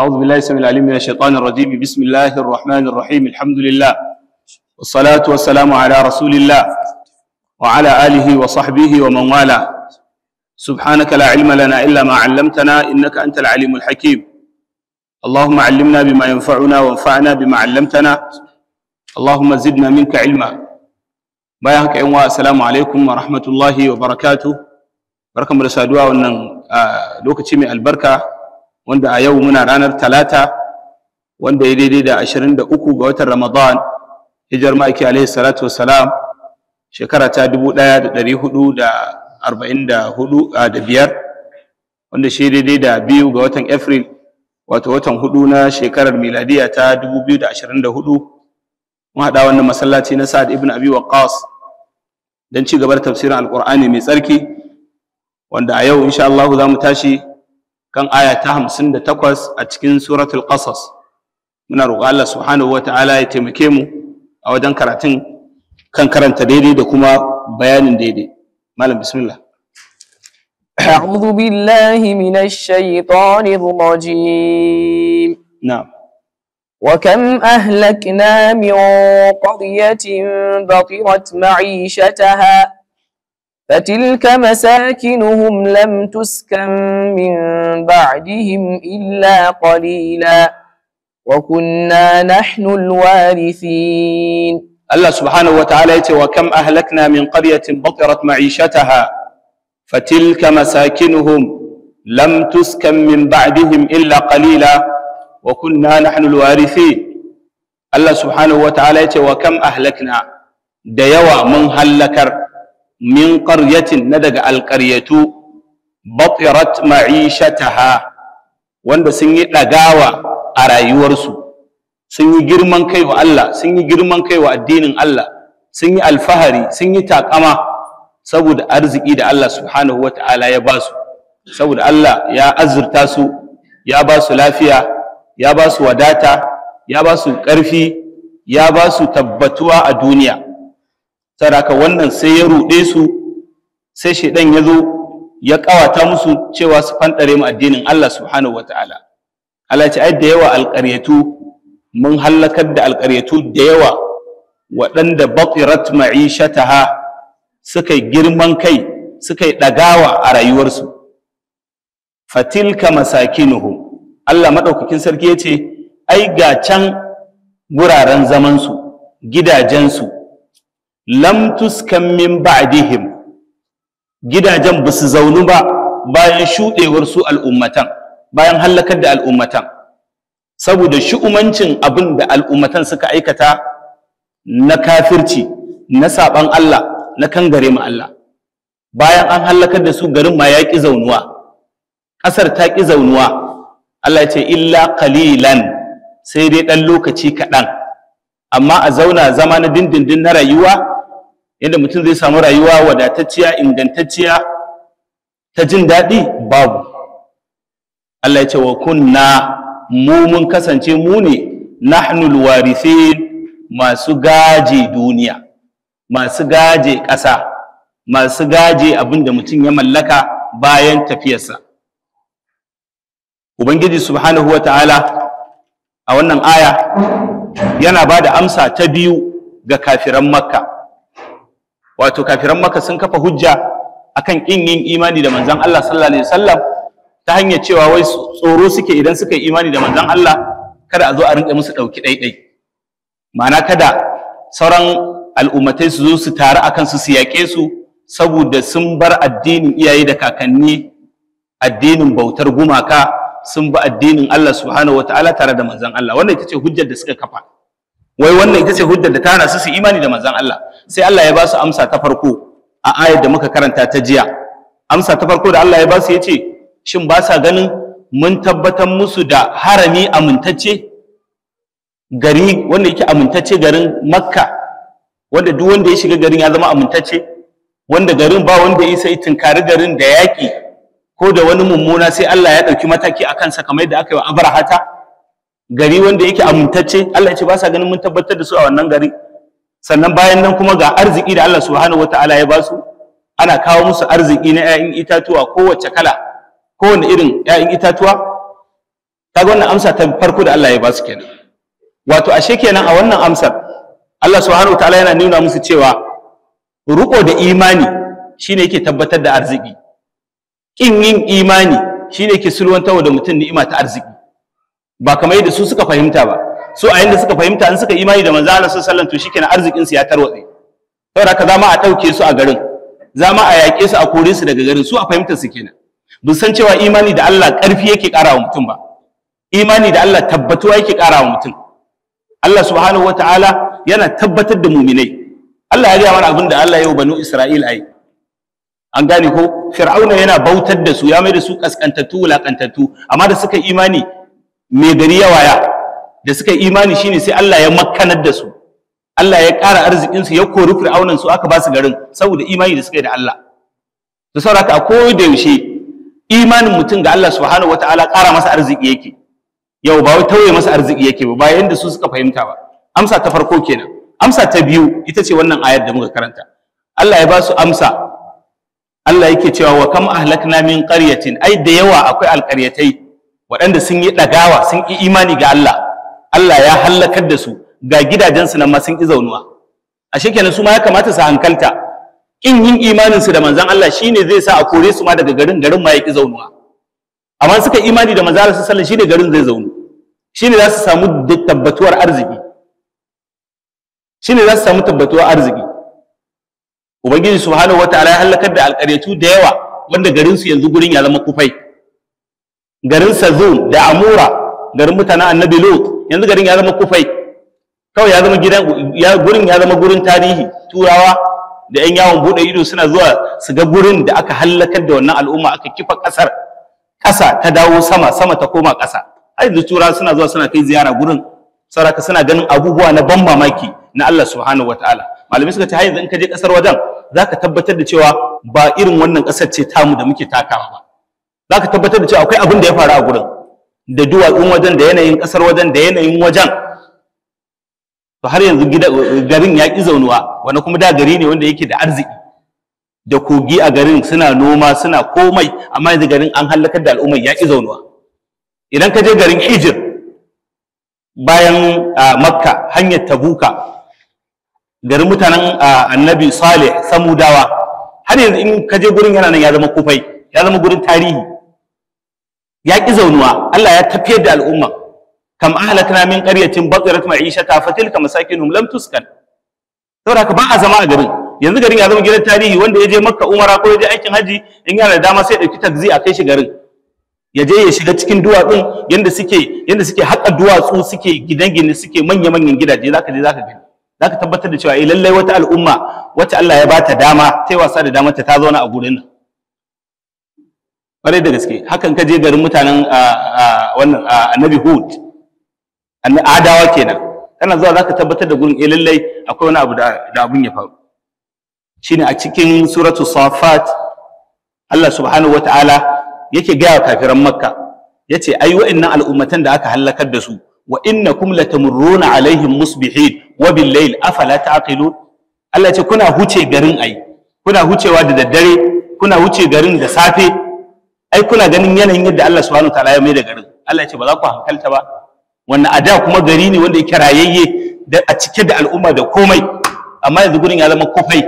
أعوذ بالله السميع العليم من الشيطان الرجيم بسم الله الرحمن الرحيم الحمد لله والصلاة والسلام على رسول الله وعلى آله وصحبه ومن والاه سبحانك لا علم لنا إلا ما علمتنا إنك أنت العليم الحكيم اللهم علمنا بما ينفعنا وانفعنا بما علمتنا اللهم زدنا منك علما bayan haka yan wa assalamu alaikum wa rahmatullahi wa barakatu barkamu da saduwa wannan lokaci mai albarka wanda a yau muna ranar talata wanda ya daidai da 23 ga watan Ramadan hijar ma'aiki alaihi salatu wassalam shekara ta 1444 da biyar wanda shi daidai da biyu ga watan Afril wato watan hudu na shekarar miladiya ta 2024 mun haɗa wannan masallaci na Sa'ad ibn Abi Waqqas don ci gaba da tafsirin Alƙur'ani mai tsarki wanda a yau insha Allah za mu tashi kan aya ta hamsin da takwas a cikin suratul qasas muna roƙo Allah subhanahu wata'ala ya taimake mu a wajen karatun kan karanta daidai da kuma bayanin daidai malam bismillah أعوذ بالله من الشيطان الرجيم نعم وكم أهلكنا من قرية بطرت معيشتها فتلك مساكنهم لم تسكن من بعدهم إلا قليلا وكنا نحن الوارثين الله سبحانه وتعالى وكم أهلكنا من قرية بطرت معيشتها فتلك مساكنهم لم تسكن من بعدهم إلا قليلا وكنا نحن الوارثين الله سبحانه وتعالى وكم أهلكنا ديوى من هلكر min ƙaryatin na daga alƙaryatu batirat ma'ishataha wanda sun yi ɗagawa a rayuwarsu sun yi girman kai wa Allah sun yi girman kai wa addinin Allah sun yi alfahari sun yi taƙama saboda arziki da Allah subhanahu wata'ala ya ba su saboda Allah ya azurta su ya ba su lafiya ya ba su wadata ya ba su ƙarfi ya ba su tabbatuwa a duniya saraka wannan sai ya ruɗe su sai shedan ya zo ya ƙawata musu cewa su fanɗare mu addinin Allah subhanahu wa ta'ala Allah ce ai da yawa alqaryatu mun hallakar da alqaryatu da yawa waɗanda baqirat ma'ishataha suka girman kai suka dagawa ɗagawa a rayuwarsu fatilka masakinuhu Allah madaukakin sarki ya ce ai ga can guraren zaman zamansu gidajensu lam tuskan min ba'dihim gidajen ba su zaunu ba bayan shuɗewar su al'ummatan bayan hallakar da al'ummatan saboda shi'umancin abin da al'ummatan suka aikata na kafirci na saɓan Allah na gare mu Allah bayan an hallakar da su garin ma ya ƙi zaunuwa ƙasar ta ƙi zaunuwa Allah ce illa qalilan sai dai ɗan lokaci kaɗan amma a zauna zama na dindindin na rayuwa yadda mutum zai samu rayuwa wadatacciya ingantacciya ta jin daɗi babu Allah ya ce wa kunna mu mun kasance mu ne nahnul warithin masu gaje duniya masu gaje ƙasa masu gaje abinda mutum ya mallaka bayan tafiyarsa ubangiji subhanahu wa ta'ala a wannan aya yana ba da amsa ta biyu ga kafiran makka wato kafiran maka sun kafa hujja akan kin yin imani da manzon Allah sallallahu alaihi wasallam ta hanyar cewa wai tsoro suke idan suka yi imani da manzon Allah kada a zo a rinka musu dauki ɗai ma'ana kada sauran al'ummatai su zo su taru akan su su yaƙe su saboda sun bar addinin iyaye da kakanni addinin bautar gumaka sun bi addinin Allah subhanahu wataala tare da manzon Allah wannan ita ce hujjar da suka kafa wai wannan ita ce hujjar da ta hana su su imani da manzon Allah sai Allah ya ba su amsa ta farko a ayar da muka karanta ta jiya amsa ta farko da Allah ya ba su yace shin ba sa ganin mun tabbatar musu da harami amintacce gari wanda yake amintacce garin Makka wanda duk wanda ya shiga garin ya zama amintacce wanda garin ba wanda ya sai tunkari garin da yaƙi ko da wani mummuna sai Allah ya ɗauki mataki akan sa kamar yadda aka yi wa Abrahata gari wanda yake amintacce Allah ya ce ba sa ganin mun tabbatar da su a wannan gari sannan bayan nan kuma ga arziki da Allah subhanahu wataala ya ba su ana kawo musu arziki na 'ya'yan itatuwa kowace kala kowane irin 'ya'yan itatuwa kaga wannan amsa ta farko da Allah ya ba su kenan wato ashe kenan a wannan amsar Allah subhanahu wataala yana nuna musu cewa ruko da imani shine yake tabbatar da arziki kin yin imani shine yake sulwantawa da mutum ni'ima ta arziki ba kamar yadda su suka fahimta ba su a yanda suka fahimta in suka imani da manzo Allah sallallahu alaihi wasallam to arzikin su ya tarwatse saboda haka zama a dauke su a garin zama a yaƙe su a kore su daga garin su a fahimta su kenan bin san cewa imani da Allah ƙarfi yake ƙara wa mutum ba imani da Allah tabbatuwa yake ƙara wa mutum Allah subhanahu wataala yana tabbatar da muminai Allah ya gaya mana abin da Allah ya yi banu Isra'il ai an gane ko fir'auna yana bautar da su ya mai da su kaskantattu wulakantattu amma da suka imani mai gari ya waya da suka yi imani shine sai Allah ya makkanar da su Allah ya ƙara arzikinsu su ya kori fir'aunan su aka ba su garin saboda imani da suka yi da Allah to saboda a koyi da yaushe imanin mutum ga Allah subhanahu wataala ƙara masa arziki yake yau ba wai tauye masa arziki yake ba bayan da su suka fahimta ba amsa ta farko kenan amsa ta biyu ita ce wannan ayar da muka karanta Allah ya ba su amsa Allah yake cewa wa kam ahlakna min qaryatin ai da yawa akwai alqaryatai waɗanda sun yi ɗagawa sun yi imani ga Allah Allah ya hallakar da su ga gidajensu nan ma sun ƙi zaunuwa A kenan su ma ya kamata su hankalta in yin imaninsu da manzan Allah shi ne zai sa a kore su ma daga garin garin ma ya ƙi zaunuwa amma suka imani da manzon Allah shi ne garin zai zaunu shine za su samu tabbatuwar arziki su samu tabbatuwar arziki ubangiji subhanahu ta'ala, ya halakar da alƙaryatu da yawa wanda garinsu yanzu gurin ya zama kufai garin sazun da amura garin mutanen annabi lut yanzu garin ya zama kufai kawai ya zama gidan ya gurin ya zama gurin tarihi turawa da yan yawon bude ido suna zuwa su ga gurin da aka hallakar da wannan al'umma aka kifa kasar kasa ta dawo sama sama ta koma kasa har yanzu turawa suna zuwa suna kai ziyara gurin saraka suna ganin abubuwa na ban mamaki na Allah subhanahu wataala malamai suka ce har yanzu in ka je kasar wajen zaka tabbatar da cewa ba irin wannan kasar ce tamu da muke takawa ba za ka tabbatar da cewa akwai abin da ya faru a gurin da duwatsun wajen da yanayin ƙasar wajen da yanayin wajen to har yanzu garin ya ƙi zaunuwa wani kuma da gari ne wanda yake da arziki da kogi a garin suna noma suna komai amma yanzu garin an hallakar da al'ummar ya ƙi zaunuwa idan ka je garin hijir bayan makka hanyar tabuka garin mutanen annabi saleh samudawa har yanzu in ka je gurin yana nan ya zama kufai ya zama gurin tarihi ya ƙi zaunuwa Allah ya tafiyar da al'umma kam ahlakna min qaryatin batirat ma'ishata fatilka masakinuhum lam tuskan saboda ka ba a zama a garin yanzu garin ya zama gidan tarihi wanda ya je makka umara ko ya je aikin haji in yana da dama sai ya ɗauki takzi a kai shi garin ya je ya shiga cikin duwatsun yanda suke yanda suke haƙa duwatsu suke gidan gine suke manya-manyan gidaje zaka je zaka gani zaka tabbatar da cewa eh lallai wata al'umma wacce Allah ya bata dama ta wasa da damar ta ta zauna a gurin nan ƙwarai da gaske hakan ka je garin mutanen wannan annabi hud adawa kenan kana zuwa zaka tabbatar da gurin eh lallai akwai wani abu da abun ya faru shine a cikin suratu safat Allah subhanahu wataala yake gaya wa kafiran makka yace ai wa'annan al'ummatan da aka hallakar da su wa innakum latamurruna alaihim musbihin wa bil layl afala taqilun Allah ce kuna huce garin ai kuna hucewa da daddare kuna huce garin da safe ai kuna ganin yanayin yadda Allah subhanahu ta'ala ya mai da garin Allah ya ce ba za ku hankalta ba wannan ada kuma gari ne wanda yake rayayye da a cike da al'umma da komai amma yanzu gurin ya zama kufai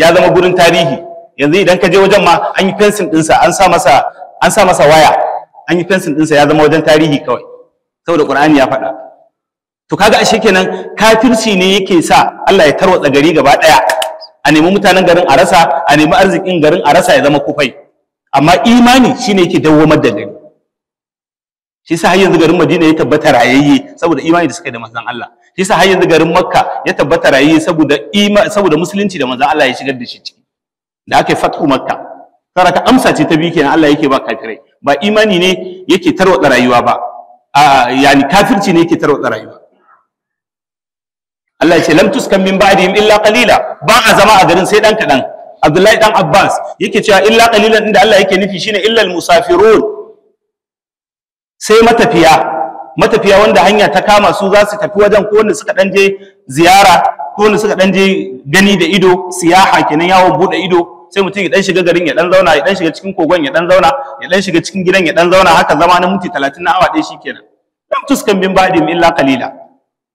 ya zama gurin tarihi yanzu idan ka je wajen ma an yi fensin ɗinsa an sa masa an sa masa waya an yi fencing ɗinsa ya zama wajen tarihi kawai saboda Qur'ani ya faɗa to kaga ashe kenan kafirci ne yake sa Allah ya tarwatsa gari gaba ɗaya a nemi mutanen garin a rasa a nemi arzikin garin a rasa ya zama kufai amma imani shine yake dawwamar da gari shi yasa har yanzu garin Madina ya tabbata rayayye saboda imani da suka yi da manzon Allah shi yasa har yanzu garin Makka ya tabbata rayayye saboda imani saboda musulunci da manzon Allah ya shigar da shi ciki da aka yi fathu Makka saraka amsa ce ta biyu kenan Allah yake ba kafirai ba imani ne yake tarwatsa rayuwa ba a yani kafirci ne yake tarwatsa rayuwa Allah ya ce lam tuskan min ba'dihim illa qalila ba a zama a garin sai dan kadan Abdullahi dan Abbas yake cewa illa qalilan inda Allah yake nufi shine illal musafirun sai matafiya matafiya wanda hanya ta kama su za su tafi wajen ko wanda suka dan je ziyara ko wanda suka dan je gani da ido siyaha kenan yawon bude ido sai mutum ya dan shiga garin ya dan zauna ya dan shiga cikin kogon ya dan zauna ya dan shiga cikin gidan ya dan zauna haka zama na minti 30 na awa ɗaya shikenan lam tuskan bin ba'di illa qalila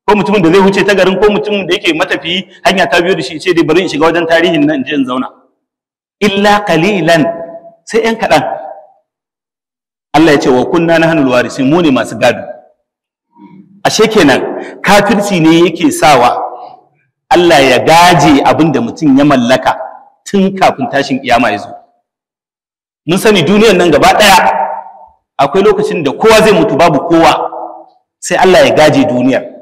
ko mutumin da zai wuce ta garin ko mutumin da yake matafiyi hanya ta biyo da shi ce dai bari in shiga wajen tarihin nan je in zauna illa qalilan sai yan kaɗan Allah ya ce wa kunna nahnu warisin mu ne masu gado ashe kenan kafirci ne yake sawa Allah ya gaje abinda da mutum ya mallaka tun kafin tashin kiyama ya zo mun sani duniyar nan gaba ɗaya akwai lokacin da kowa zai mutu babu kowa sai Allah ya gaje duniyar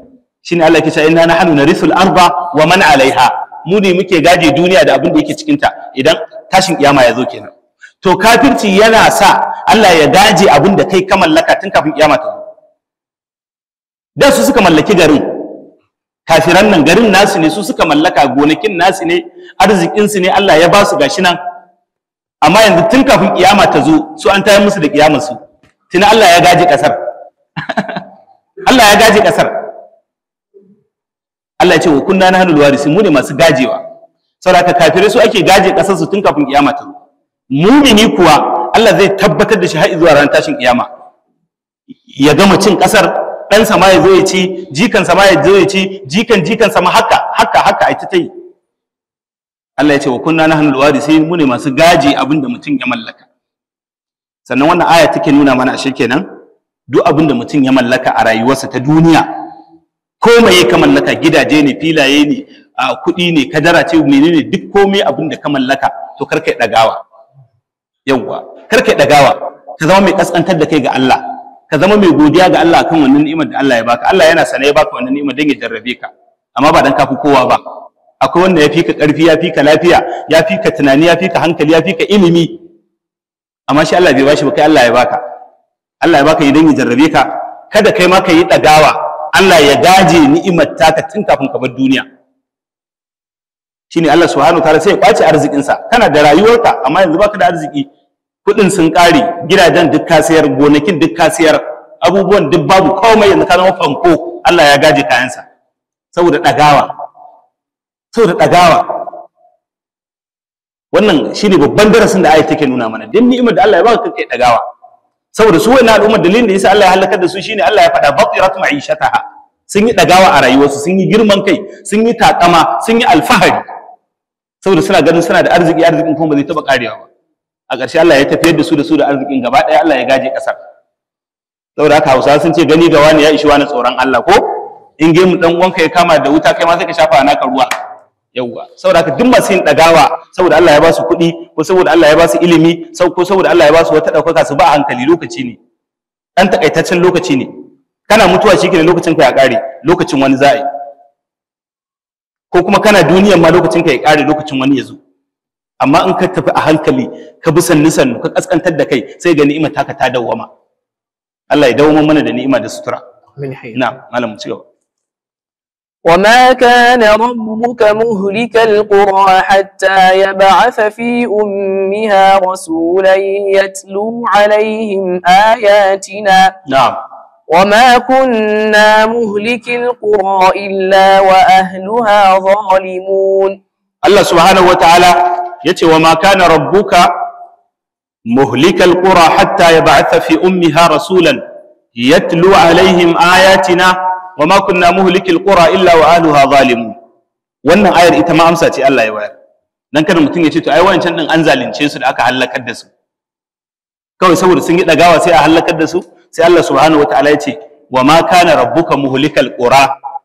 shine Allah yake cewa inna nahnu narisul arba wa man alaiha mu ne muke gaje duniya da abin da yake cikin ta idan tashin kiyama ya zo kenan to kafirci yana sa Allah ya gaje abin da kai ka mallaka tun kafin kiyama ta zo da su suka mallaki garin kafiran nan garin nasu ne su suka mallaka gonakin nasu ne arzikin su ne Allah ya ba su gashi nan amma yanzu tun kafin kiyama ta zo su an tayar musu da kiyamar su tun Allah ya gaje kasar Allah ya gaje kasar Allah ya ce wa kunna nahnul warisin mu ne masu gajewa saboda kafirai su ake gaje kasar su tun kafin kiyama ta zo mumini kuwa Allah zai tabbatar da shi har zuwa ranar tashin kiyama ya gama cin kasar dan sama ya zo ya ci jikan sama ya zo ya ci jikan jikan sama haka haka haka ai ta tai Allah ya ce wa kunna nahnul warisin mu ne masu gaje abinda mutum ya mallaka sannan wannan aya take nuna mana ashe nan? duk abinda mutum ya mallaka a rayuwarsa ta duniya komai ka mallaka gidaje ne filaye ne a kuɗi ne kadara ce menene duk komai abin da ka mallaka to kar yi dagawa yawwa kar yi dagawa ka zama mai kaskantar da kai ga Allah ka zama mai godiya ga Allah akan wannan ni'imar da Allah ya baka Allah yana sane ya baka wannan ni'imar dan ya jarrabe ka amma ba dan kafi kowa ba akwai wanda ya fika karfi ya fika lafiya ya fika tunani ya fika hankali ya fika ilimi amma shi Allah bai bashi ba kai Allah ya baka Allah ya baka idan ya jarrabe ka kada kai ma ka yi dagawa Allah ya gaje ni'imar taka tun kafin kamar duniya shine Allah subhanahu wataala sai ya kwace arzikinsa kana da rayuwarka amma yanzu baka da arziki kudin sun kare gidajen duk kasiyar, gonakin duk kasiyar, abubuwan duk babu komai yanzu ka zama Allah ya gaje kayansa saboda dagawa saboda dagawa wannan shine babban darasin da ayat take nuna mana duk ni'imar da Allah ya baka kai dagawa saboda su wayannan al'ummar dalilin da yasa Allah ya halaka da su shine Allah ya faɗa batirat ma'ishataha sun yi dagawa a rayuwarsu sun yi girman kai sun yi takama sun yi alfahari saboda suna ganin suna da arziki arzikin kuma ba taba karewa ba a ƙarshe Allah ya tafiyar da su da su da arzikin gaba ɗaya Allah ya gaje ƙasar saboda haka Hausawa sun ce gani ga wani ya ishi wani tsoron Allah ko in gemu dan uwanka ya kama da wuta kai ma sai ka shafa naka ruwa yawwa saboda haka duk masu yin dagawa saboda Allah ya ba su kuɗi ko saboda Allah ya ba su ilimi ko saboda Allah ya ba su wata ɗaukaka su ba a hankali lokaci ne ɗan takaitaccen lokaci ne kana mutuwa shi lokacin ka ya ƙare lokacin wani za'i ko kuma kana duniyar ma lokacin ka ya ƙare lokacin wani ya zo amma in ka tafi a hankali ka bi sannu sannu ka kaskantar da kai sai ga ni'ima taka ta dawwama Allah ya dawo mana da ni'ima da sutura amin na malam mu ci gaba وما كان ربك مهلك القرى حتى يبعث في أمها رسولا يتلو عليهم آياتنا نعم وما كنا مهلك القرى إلا وأهلها ظالمون الله سبحانه وتعالى يتي وما كان ربك مهلك القرى حتى يبعث في أمها رسولا يتلو عليهم آياتنا wa ma kunna muhlikil illa wa ahluha zalimun wannan ayar ita ma amsa ce Allah ya bayar dan kada mutum ya ce to ai wancan din an zalunce su da aka halakar da su kawai saboda sun yi dagawa sai a halakar da su sai Allah subhanahu wataala ya ce wa ma kana rabbuka muhlikal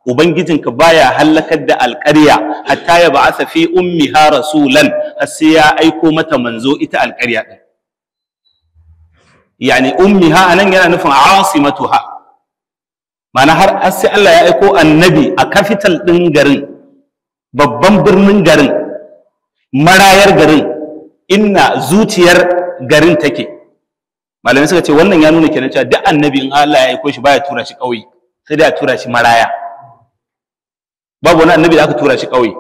Ubangijin ubangijinka baya halakar da alƙarya hatta ya ba'atha fi ummiha rasulan har sai ya aiko mata manzo ita alƙarya din yani ummiha anan yana nufin asimatuha ma'ana har sai Allah ya aiko annabi a kafital ɗin garin babban birnin garin marayar garin inna zuciyar garin take malamai suka ce wannan ya nuna kenan cewa duk annabi in Allah ya aiko shi baya tura shi ƙauye sai dai ya tura shi maraya babu wani annabi da aka tura shi ƙauye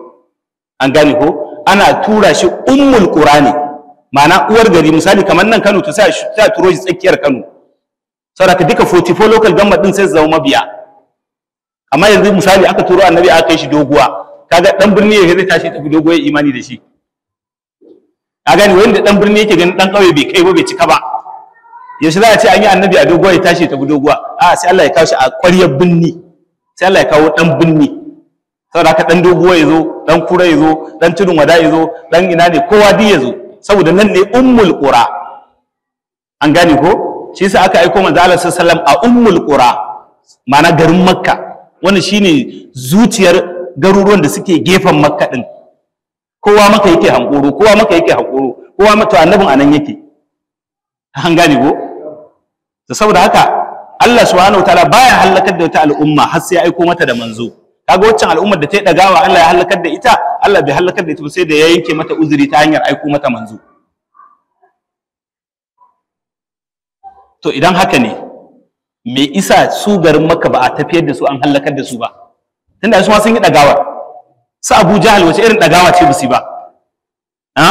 an gane ko ana tura shi ummul qurani ma'ana uwar gari misali kamar nan Kano to sai a turo shi tsakiyar Kano ka duka 44 local government din sai su zama mabiya amma yanzu misali aka turo annabi aka kai shi doguwa kaga dan birni ya zai tashi tafi doguwa ya imani da shi a gani wanda dan birni yake ganin dan kauye bai kai ba bai cika ba yanzu za a ce an yi annabi a doguwa ya tashi tafi doguwa a sai Allah ya kawo shi a ƙwaryar birni sai Allah ya kawo dan birni saboda ka dan doguwa ya zo dan kura ya zo dan tudun wada ya zo dan ina ne kowa duk ya zo saboda nan ne ummul qura an gane ko shi sa aka aiko manzo Allah sallallahu a ummul qura ma'ana garin makka wannan shine zuciyar garuruwan da suke gefen makka din kowa maka yake hankoro kowa maka yake hankoro kowa mata annabin anan yake an gane ko to saboda haka Allah subhanahu wataala baya halakar da wata al'umma har sai ya aiko mata da manzo kaga waccan al'ummar da ta yi dagawa Allah ya halakar da ita Allah bai halakar da ita ba sai da ya yanke mata uzuri ta hanyar aiko mata manzo to idan haka ne me isa su garin makka ba a tafiyar da su an hallakar da su ba tunda su ma sun yi dagawa su abu jahal wace irin dagawa ce busi ba ha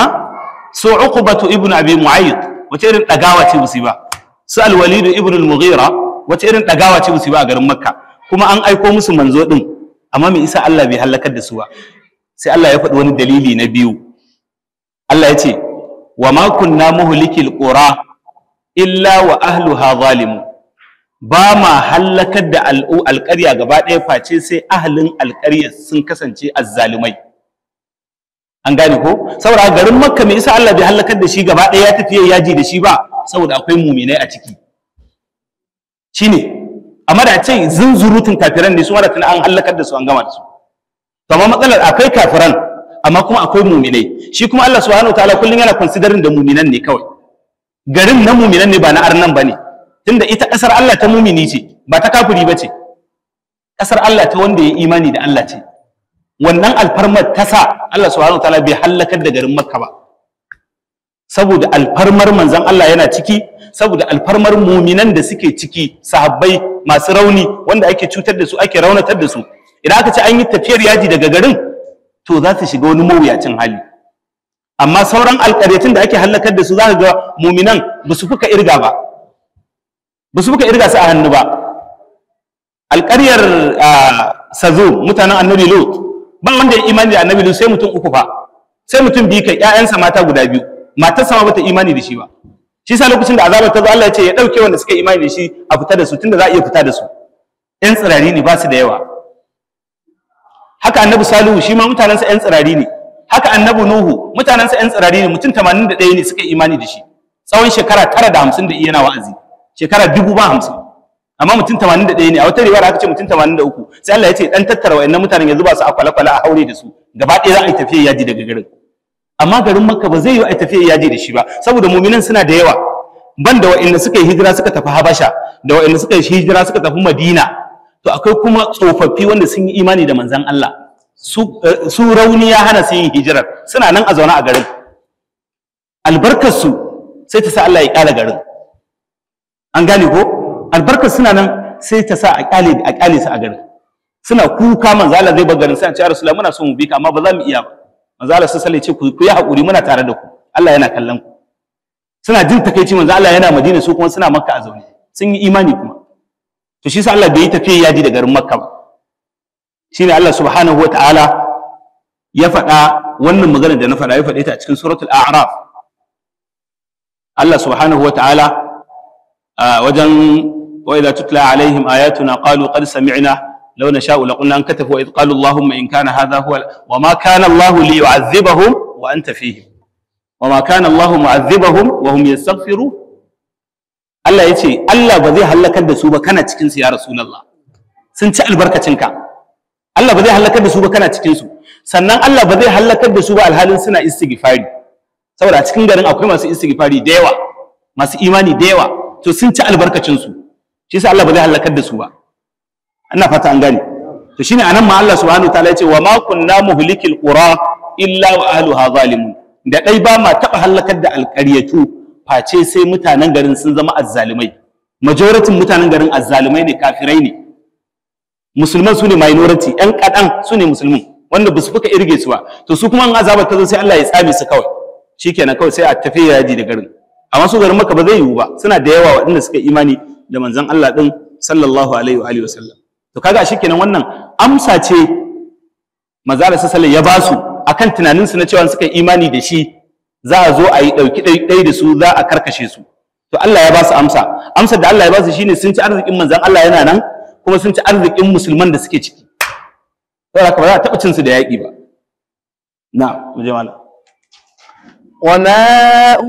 su uqbatu ibnu abi mu'ayyid wace irin dagawa ce busi ba su al-walid ibn al-mughira wace irin dagawa ce busi ba a garin makka kuma an aiko musu manzo din amma me isa Allah bai hallakar da su ba sai Allah ya faɗi wani dalili na biyu Allah ya ce wa ma kunna muhlikil qura illa wa ahluha zalimu ba ma hallakar da alƙarya gaba ɗaya face sai ahalin alƙaryar sun kasance azzalumai an gane ko saboda garin makka mai isa Allah bai hallakar da shi gaba ɗaya ya tafiye yaji da shi ba saboda akwai muminai a ciki shine amma da ce zunzurutun kafiran ne su mara tana an hallakar da su an gama da su to amma matsalar akwai kafiran amma kuma akwai muminai shi kuma Allah subhanahu wataala kullum yana considering da muminan ne kawai garin na muminan ne ba na arnan ba ne tunda ita ƙasar Allah ta mumini ce ba ta kafiri ba ce ƙasar Allah ta wanda ya imani da Allah ce wannan alfarmar ta sa Allah subhanahu ta'ala bai hallakar da garin Makka ba saboda alfarmar manzon Allah yana ciki saboda alfarmar muminan da suke ciki sahabbai masu rauni wanda ake cutar da su ake raunatar da su idan aka ce an yi tafiyar yaji daga garin to za su shiga wani mawuyacin hali amma sauran alƙaryatun da ake hallakar da su za ka ga muminan ba su fuka irga ba ba su fuka irga su a hannu ba alƙaryar sazo mutanen annabi lot ba wanda ya imani da annabi lot sai mutum uku fa sai mutum biyu kai ƴaƴansa mata guda biyu matarsa ma bata imani da shi ba shi sa lokacin da azabar ta zo Allah ya ce ya ɗauke wanda suka imani da shi a fita da su tunda za a iya fita da su ƴan tsirari ne ba su da yawa haka annabi salihu shi ma mutanensa ƴan tsirari ne haka Annabu nuhu mutanensa yan tsirari ne mutum 81 ne suka imani da shi tsawon shekara tara da hamsin da iya na wa'azi shekara dubu ba hamsin amma mutum 81 ne a wata riwaya aka ce mutum 83 sai Allah ya ce dan tattara wayannan mutanen ya zuba su a kwalakwala a haure da su gaba ɗaya za a yi tafiya yaji daga garin amma garin makka ba zai yi a tafiya yaji da shi ba saboda muminan suna da yawa ban da wa'anda suka yi hijira suka tafi habasha da wa'anda suka yi hijira suka tafi madina to akwai kuma tsofaffi wanda sun yi imani da manzon Allah Eh, su rauni ya hana su yin hijirar suna nan a zaune a garin albarkarsu sai ta sa Allah ya kyale garin an gane ko albarkar suna nan sai ta sa a ƙyale a kyale su a garin suna kuka manzo Allah zai bar garin sai a ce Rasulullahi muna son mu bi ka amma ba za mu iya ba manzo Allah sai sai ce ku yi haƙuri muna tare da ku Allah yana kallon ku suna jin takeici manzo Allah yana Madina su kuma suna Makka a zaune sun yi imani kuma to shi sa Allah bai yi tafiya yaji da garin Makka ba shine Allah subhanahu wataala ya faɗa wannan magana da na faɗa ya faɗe ta a cikin suratul a'raf Allah subhanahu wataala wajen وإذا تتلى عليهم آياتنا قالوا قد سمعنا لو نشاء لقلنا أن كتفوا إذ قالوا اللهم إن كان هذا هو وما كان الله ليعذبهم وأنت فيهم وما كان الله معذبهم وهم يستغفرون الله يتي الله بذي هلك الدسوبة كانت كنسي يا رسول الله سنت البركة تنكا Allah ba zai halakar da su ba kana cikin su sannan Allah ba zai halakar da su ba alhalin suna istighfari saboda cikin garin akwai masu istighfari da yawa masu imani da yawa to sun ci albarkacin su shi yasa Allah ba zai halakar da su ba ina fata an gane to shine anan ma Allah subhanahu wataala ya ce wa ma kunna muhlikil qura illa wa ahluha zalimun da dai ba ma taba halakar da alƙaryatu face sai mutanen garin sun zama azzalumai majoritin mutanen garin azzalumai ne kafirai ne musulman su ne minority yan kaɗan su ne musulmi wanda ba su fuka irge su ba to su kuma in azaba ta zo sai Allah ya tsame su kawai shikenan kawai sai a tafi yaji da garin amma su garin maka ba zai yiwu ba suna da yawa waɗanda suka imani da manzon Allah din sallallahu alaihi wa alihi wasallam to kaga shikenan wannan amsa ce da sallallahu ya basu akan tunanin su na cewa suka imani da shi za a zo a yi dauki dai da su za a karkashe su to Allah ya ba su amsa amsar da Allah ya ba su shine sun ci arzikin manzon Allah yana nan kuma sun ci arzikin musulman da suke ciki saboda ba za a taɓa cin su da yaƙi ba na mu je malam وما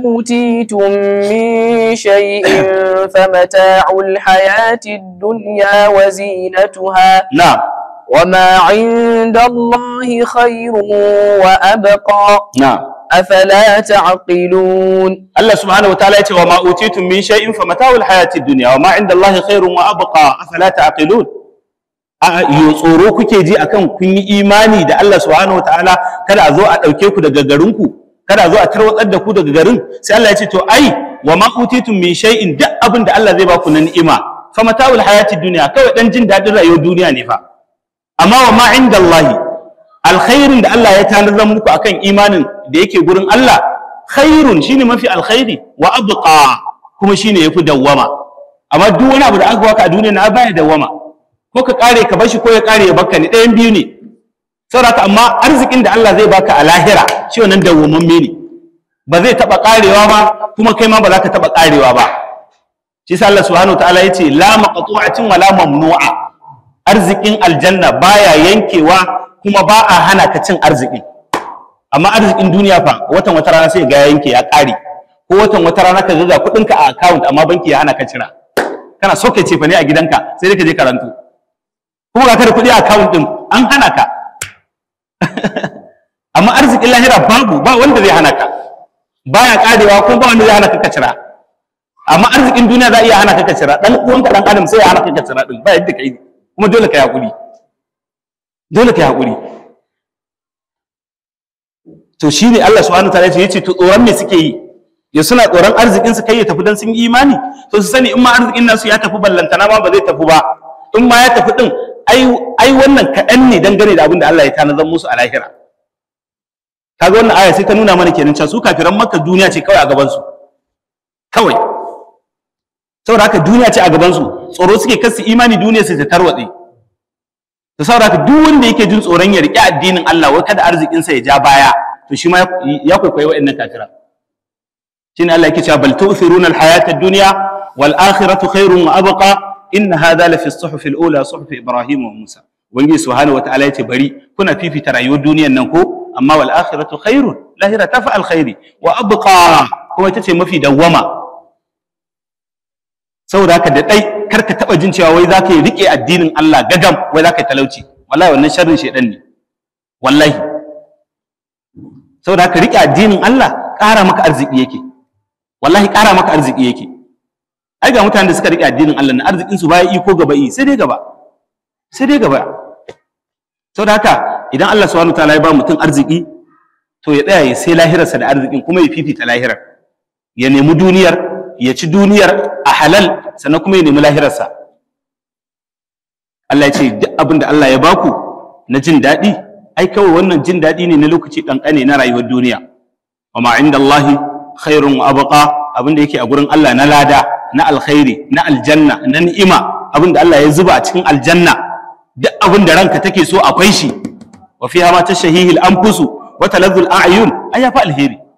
أوتيتم من شيء فمتاع الحياة الدنيا وزينتها نعم وما عند الله خير وأبقى نعم afala ta'qilun Allah subhanahu wataala ya ce wa ma utitum min shay'in fa mata'ul hayatid dunya wa ma 'inda Allahi khairun wa abqa afala ta'qilun a tsoro kuke ji akan kun yi imani da Allah subhanahu kada a zo a dauke ku daga garin ku kada a zo a tarwatsar da ku daga garin sai Allah ya ce to ai wa ma utitum min shay'in duk abin da Allah zai ba na ni'ima fa mata'ul hayatid kawai dan jin daɗin rayuwar duniya ne fa amma 'inda alkhairin da Allah ya tanadar muku akan imanin da yake gurin Allah khairun shine mafi alkhairi wa abqa kuma shine yafi dawwama amma duk wani abu da aka waka a duniya na baya dawwama ko ka kare ka bashi ko ya kare ya bakka ne ɗayan biyu ne saboda amma arzikin da Allah zai baka a lahira shi wannan dawwamamme ne ba zai taba karewa ba kuma kai ma ba za ka taba karewa ba shi yasa Allah subhanahu wataala yace la maqtu'atin la mamnu'a arzikin aljanna baya yankewa kuma ba a hana ka cin arziki amma arzikin duniya fa watan wata rana sai ga yanke ya ƙare ko watan wata rana ka kudin kuɗinka a account amma banki ya hana ka cira kana so ce fa ne a gidanka sai dai ka je karantu kuma ka kada kuɗi a account din an hana ka amma arzikin lahira babu ba wanda zai hana ka baya karewa ko ba wanda zai hana ka cira, amma arzikin duniya za a iya hana ka cira, dan uwanka dan adam sai ya hana ka cira din ba yadda kai kuma dole ka yaƙuri dole ka yaƙuri to shi ne Allah subhanahu ya ce to tsoron me suke yi ya suna tsoron arzikin su kai ya tafi don sun yi imani to su sani in ma arzikin nasu ya tafi ballantana ma ba zai tafi ba in ma ya tafi din ai wannan kaɗan ne dangane da abin da Allah ya zan musu a lahira kaga wannan aya sai ta nuna mana kenan can. su kafiran maka duniya ce kawai a gaban su kawai saboda haka duniya ce a gabansu tsoro suke kasu imani duniya sai ta tarwatse to saboda haka duk wanda yake jin tsoron ya riƙe addinin Allah wai kada arzikinsa ya ja baya to shi ma ya kwaikwayi waɗannan kafira shine Allah yake cewa bal tu'thiruna al-hayata ad-dunya wal akhiratu khairun wa abqa inna hadha la fi as-suhuf al-ula suhuf Ibrahim wa Musa ubangiji subhanahu wataala yace bari kuna fifita rayuwar duniyar nan ko amma wal akhiratu khairun lahira tafa al-khairi wa abqa kuma ita ce mafi dawwama saboda haka da dai kar ka taba jin cewa wai za ka yi rike addinin Allah gagam wai za ka yi talauci wallahi wannan sharrin shedan ne wallahi saboda haka rike addinin Allah ƙara maka arziki yake wallahi ƙara maka arziki yake ai ga mutanen da suka rike addinin Allah na arzikin su baya iko gaba yi eh, sai dai gaba sai dai gaba saboda haka idan Allah subhanahu wataala ya ba mutum arziki to ya tsaya ya sai lahirarsa da arzikin kuma ya fifita lahirar ya nemi duniyar ya ci duniyar a halal sannan kuma ya nemi lahirarsa Allah ya ce duk abin da Allah ya baku na jin daɗi ai kawai wannan jin daɗi ne na lokaci ƙanƙane na rayuwar duniya wa ma inda Allah khairun abqa abin da yake a gurin Allah na lada na alkhairi na aljanna na ni'ima abin da Allah ya zuba a cikin aljanna duk abin da ranka take so akwai shi wa fiha ma tashahihi al-anfusu wa taladhu al-a'yun ai fa alheri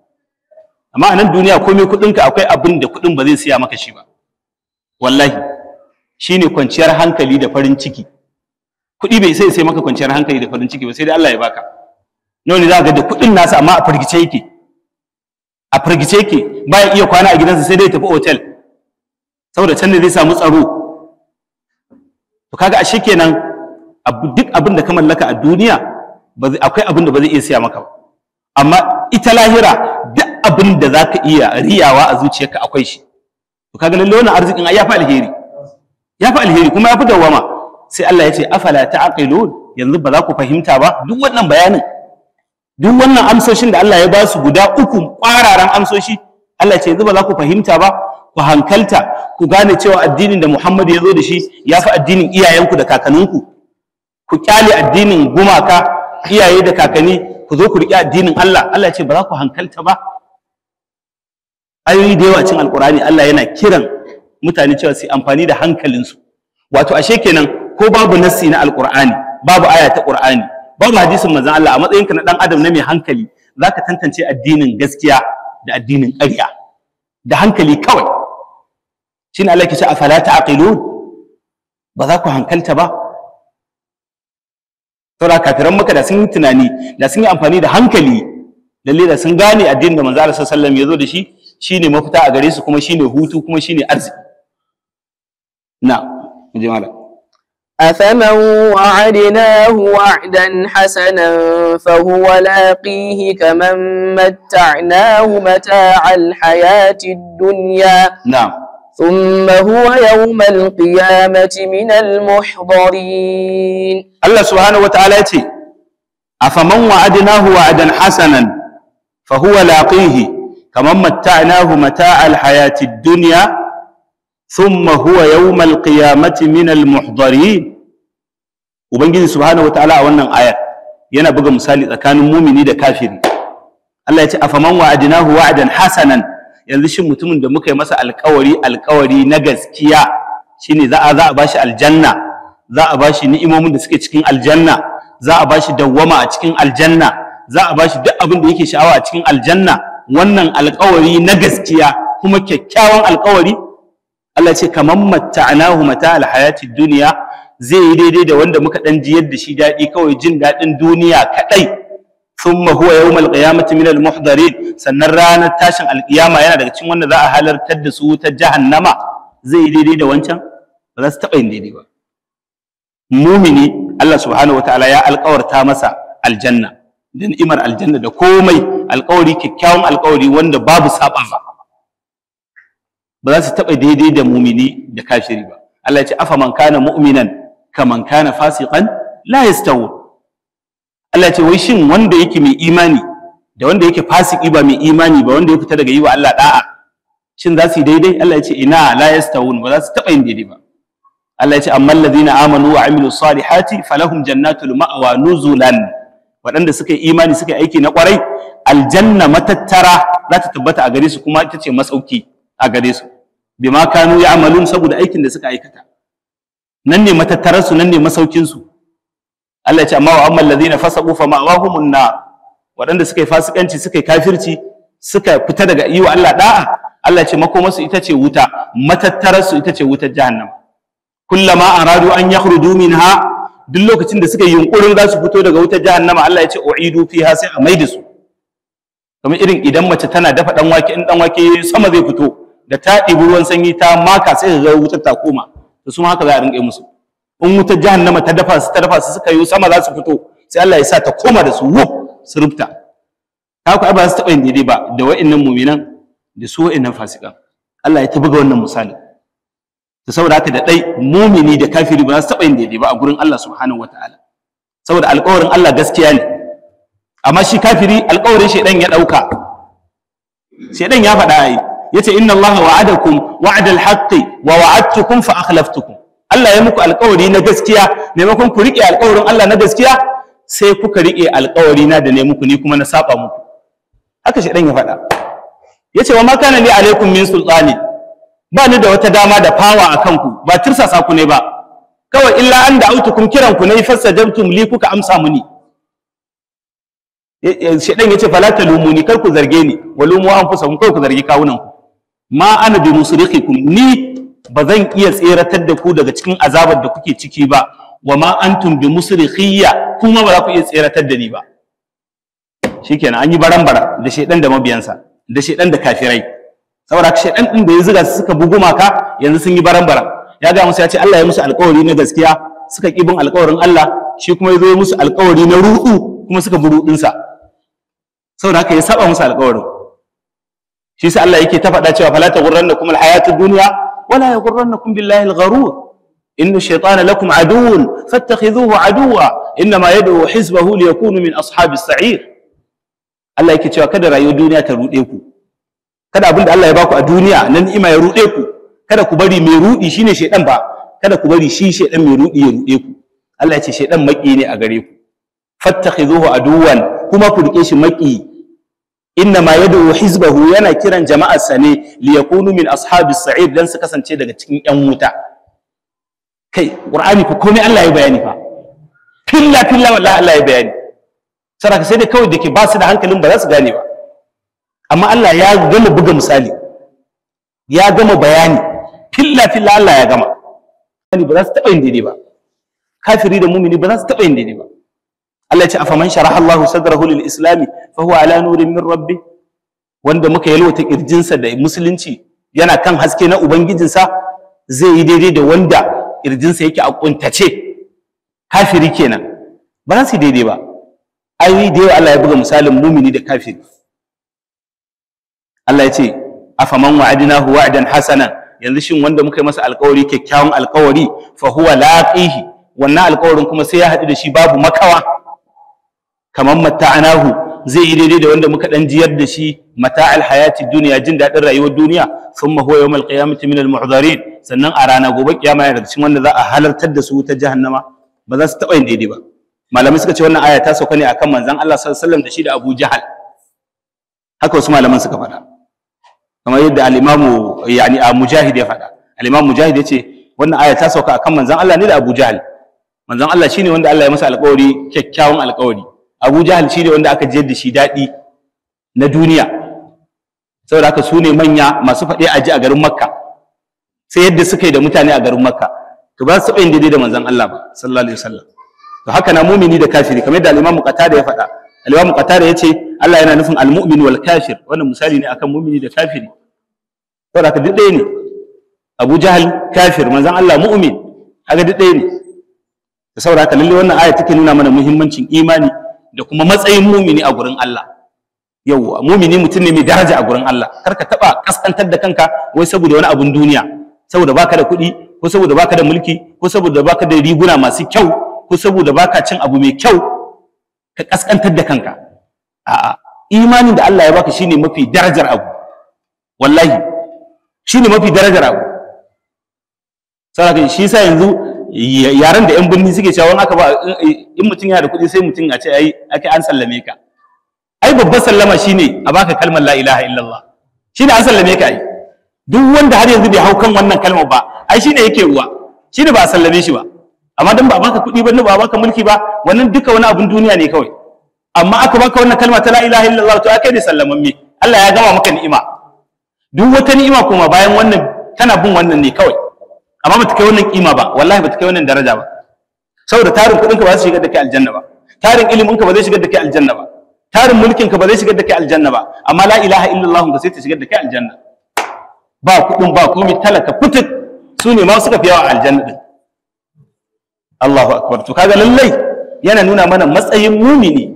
amma a nan duniya komai kuɗinka akwai abin da kuɗin ba zai siya maka shi ba wallahi shine kwanciyar hankali da farin ciki kuɗi bai sai sai maka kwanciyar hankali da farin ciki ba sai dai Allah ya baka nawa ne za ga da kuɗin nasa amma a firgice yake a firgice yake baya iya kwana a gidansa sai dai tafi hotel saboda can ne zai samu tsaro to kaga ashe kenan duk abin da ka mallaka a duniya akwai abin da ba zai iya siya maka ba amma ita lahira abin da za ka iya riyawa a zuciyarka akwai shi to kaga lalle wannan arzikin ai ya fi alheri ya fi alheri kuma ya fi dawama sai Allah ya ce afala ta'qilun yanzu ba za ku fahimta ba duk wannan bayanin duk wannan amsoshin da Allah ya ba su guda uku kwararan amsoshi Allah ce yanzu ba za ku fahimta ba ku hankalta ku gane cewa addinin da Muhammad ya zo da shi ya fi addinin iyayenku da kakanninku ku kyale addinin gumaka iyaye da kakanni ku zo ku riƙe addinin Allah Allah ce ba za ku hankalta ba ayoyi da yawa cin alkur'ani Allah yana kiran mutane cewa su amfani da hankalinsu wato ashe kenan ko babu nassi na alkur'ani babu aya ta qur'ani babu hadisin manzon Allah a matsayinka na dan adam na mai hankali zaka tantance addinin gaskiya da addinin ƙarya da hankali kawai shine Allah ke ce afala ta'qilun ba za ku hankalta ba saboda kafiran maka da sun yi tunani da sun yi amfani da hankali lalle da sun gane addinin da manzo Allah sallallahu alaihi wasallam ya zo da shi shine mafita a gare su kuma shine hutu kuma shine arziki na muje malam أفمن وعدناه وعدا حسنا فهو لاقيه كمن متعناه متاع الحياة الدنيا نعم ثم هو يوم القيامة من المحضرين الله سبحانه وتعالى أفمن وعدناه وعدا حسنا فهو لاقيه kamar matta'nahu mata'al hayatid dunya thumma huwa yawmal qiyamati minal muhdarin ubangiji subhanahu wataala a wannan ayar yana buga misali tsakanin mumini da kafiri Allah ya ce afaman wa'adnahu wa'dan hasanan yanzu shin mutumin da muka yi masa alkawari alkawari na gaskiya shine za a za a bashi aljanna za a bashi ni'imomin da suke cikin aljanna za a bashi dawwama a cikin aljanna za a bashi duk abin da yake sha'awa a cikin aljanna wannan alƙawari na gaskiya kuma kyakkyawan alƙawari Allah ce kaman matta'nahu mata alhayati duniya zai yi daidai da wanda muka dan jiyar da shi daɗi kawai jin daɗin duniya kaɗai ثم هو يوم القيامة minal muhdarin sannan ranar tashin alƙiyama yana daga cikin wanda za a halartar da su ta jahannama zai yi daidai da wancan ba za su taɓa yin daidai ba mumini Allah subhanahu wataala ya alƙawarta masa aljanna da ni'imar aljanna da komai alƙawari kyakkyawan alƙawari wanda babu saba ba ba za su taɓa daidai da mumini da kafiri ba Allah ya ce afa man kana mu'minan kaman kana fasiqan la yastawu Allah ya ce wai shin wanda yake mai imani da wanda yake fasiki ba mai imani ba wanda ya fita daga yi wa Allah da'a shin za su yi daidai Allah ya ce ina la yastawun ba za su taɓa yin daidai ba Allah ya ce amma allazina amanu wa amilu salihati falahum jannatul ma'wa nuzulan waɗanda suka yi imani suka yi aiki na kwarai aljanna matattara za ta tabbata a gare su kuma ita ce masauki a gare su bima kanu ya'malun saboda aikin da suka aikata nan ne matattarar su nan ne masaukin su Allah ya ce amma wa amman ladina fasaqu fa ma'awahumun na waɗanda suka yi fasikanci suka yi kafirci suka fita daga yi wa Allah da'a Allah ya ce makomarsu ita ce wuta matattararsu ita ce wutar jahannam kullama aradu an yakhruju minha duk lokacin da suka yi yunkurin za su fito daga wutar jahannama Allah ya ce u'idu fiha sai a maida su kamar irin idan mace tana dafa dan wake in dan wake sama zai fito da ta dibi ruwan sanyi ta maka sai ka ga wutar ta koma to su haka za a rinƙe musu in wutar jahannama ta dafa su ta dafa su suka yi sama za su fito sai Allah ya sa ta koma da su wuf su rubta ta ku ba su taɓa yin daidai ba da wa'innan muminan da su wa'innan fasikan Allah ya ta buga wannan misali ta saboda haka da ɗai mumini da kafiri ba za su taɓa yin daidai ba a gurin Allah subhanahu wa ta'ala saboda alƙawarin Allah gaskiya ne amma shi kafiri alƙawarin shaidan ya ɗauka shaidan ya faɗa Ya yace inna Allah wa'adakum wa'ad haqqi wa wa'adtukum fa akhlaftukum Allah ya muku alƙawari na gaskiya maimakon ku riƙe alƙawarin Allah na gaskiya sai kuka riƙe alƙawari na da ne muku ni kuma na saba muku haka shaidan ya faɗa yace wa ma kana li alaikum min sultani ba ni da wata dama da fawa a kanku ba tirsasa ku ne ba kawai illa an da kun kiran ku ne fastajabtum li kuka amsa muni eh, eh, shedan yace fala talumuni kar ku zarge ni walumu anfusakum kar ku zargi kawunan ku ma ana bi musrikikum ni ba iya tseratar da ku daga cikin azabar da kuke ciki ba wa ma antum bi musriqiyya kuma ba za ku iya tseratar da ni ba shikenan an yi baran bara da shedan da mabiyansa da shedan da kafirai saboda shaidan din da ya zuga su suka bugu maka yanzu sun yi baran baran ya ga musu ya ce Allah ya musu alƙawari na gaskiya suka ki bin alƙawarin Allah shi kuma ya zo musu alƙawari na ruɗu kuma suka bi ruɗinsa sa saboda haka ya saba musu alƙawarin shi sa Allah yake ta faɗa cewa fala kuma alhayatud dunya wala yaghurrannakum billahi algharur إن الشيطان لكم عدو فاتخذوه عدوا إنما min حزبه sa'ir allah أصحاب cewa kada rayuwar duniya ta ruɗe ku kada abin da Allah ya baku a duniya nan ima ya ruɗe ku kada ku bari mai ruɗi shine shaidan ba kada ku bari shi shaidan mai ruɗi ya ruɗe ku Allah ya ce shaidan maki ne a gare ku fattakhizuhu aduwan kuma ku rike shi maki inna ma yad'u hizbahu yana kiran jama'ar sa ne li yakunu min ashabis sa'id dan su kasance daga cikin yan wuta kai qur'ani fa komai Allah ya bayani fa filla filla wallahi Allah ya bayani saraka sai dai kawai dake ba su da hankalin ba za su gane ba amma Allah ya gama buga misali ya gama bayani filla filla Allah ya gama ani ba za su taɓa yin daidai ba kafiri da mumini ba za su taɓa yin daidai ba Allah ya ce afaman sharaha Allahu sadrahu lil islam fa huwa ala nurin min rabbi wanda muka yalwata kirjinsa da musulunci yana kan haske na ubangijinsa zai yi daidai da wanda kirjinsa yake a kuntace kafiri kenan ba za su yi daidai ba ai da Allah ya buga misalin mumini da kafiri Allah ya ce afaman wa'adnahu idan hasanan yanzu shin wanda muka yi masa alkawari kyakkyawan alkawari fa huwa laqihi wannan alkawarin kuma sai ya haɗu da shi babu makawa kamar mata'anahu zai yi daidai da wanda muka dan jiyar da shi mata hayati duniya jin daɗin rayuwar duniya thumma huwa yawmal qiyamati minal muhdarin sannan a rana gobe kiyama yana daga cikin wanda za a halartar da su ta jahannama ba za su taɓa yin daidai ba malamai suka ce wannan aya ta sauka ne akan manzon Allah sallallahu alaihi wasallam da shi da Abu Jahal haka wasu malaman suka faɗa kamar yadda al-imamu yani a mujahid ya faɗa al-imamu mujahid ya ce wannan aya ta sauka akan manzon Allah ne da Abu Jahl manzon Allah shine wanda Allah ya masa alƙawari kyakkyawan alƙawari Abu Jahl shine wanda aka jiyar da shi daɗi na duniya saboda haka su ne manya masu faɗe aji a garin Makka sai yadda suka yi da mutane a garin Makka to ba su taɓa yin daidai da manzon Allah ba sallallahu alaihi wasallam to haka na mumini da kafiri kamar yadda al-imamu Qatada ya faɗa al-imamu Qatada ya ce Allah yana nufin al-mu'min wal kafir wannan misali ne akan mu'mini da kafiri saboda ka duk ɗaya ne Abu Jahl kafir manzon Allah mu'min haka duk ɗaya ne Da saboda ka lalle wannan aya take nuna mana muhimmancin imani da kuma matsayin mu'mini a gurin Allah yau mu'mini mutum ne mai daraja a gurin Allah kar ka taba kaskantar da kanka wai saboda wani abun duniya saboda baka da kuɗi ko saboda baka da mulki ko saboda baka da riguna masu kyau ko saboda baka cin abu mai kyau ka kaskantar da kanka a'a imanin da Allah ya baka shine mafi darajar abu wallahi shine mafi darajar abu saboda shi sa yanzu yaran da yan birni suke cewa aka ba in mutum yana da kuɗi sai mutum a ce ai ake an sallame ka ai babbar sallama shine a baka kalmar la ilaha illallah shine an sallame ka ai duk wanda har yanzu bai hau kan wannan kalmar ba ai shine yake ruwa shine ba a sallame shi ba amma dan ba baka kuɗi ba ba baka mulki ba wannan duka wani abun duniya ne kawai amma aka baka wannan kalma ta la ilaha illallah to akai ne sallamamme Allah ya gama maka ni'ima duk wata ni'ima kuma bayan wannan tana bin wannan ne kawai amma bata kai wannan kima ba wallahi bata kai wannan daraja ba saboda tarin kuɗin ka ba zai shigar da kai aljanna ba tarin ilimin ka ba zai shigar da kai aljanna ba tarin mulkin ka ba zai shigar da kai aljanna ba amma la ilaha illallah ka sai ta shigar da kai aljanna ba kuɗin ba komai talaka kutuk su ne ma suka fi yawa aljanna din Allahu akbar to kaga lallai yana nuna mana matsayin mumini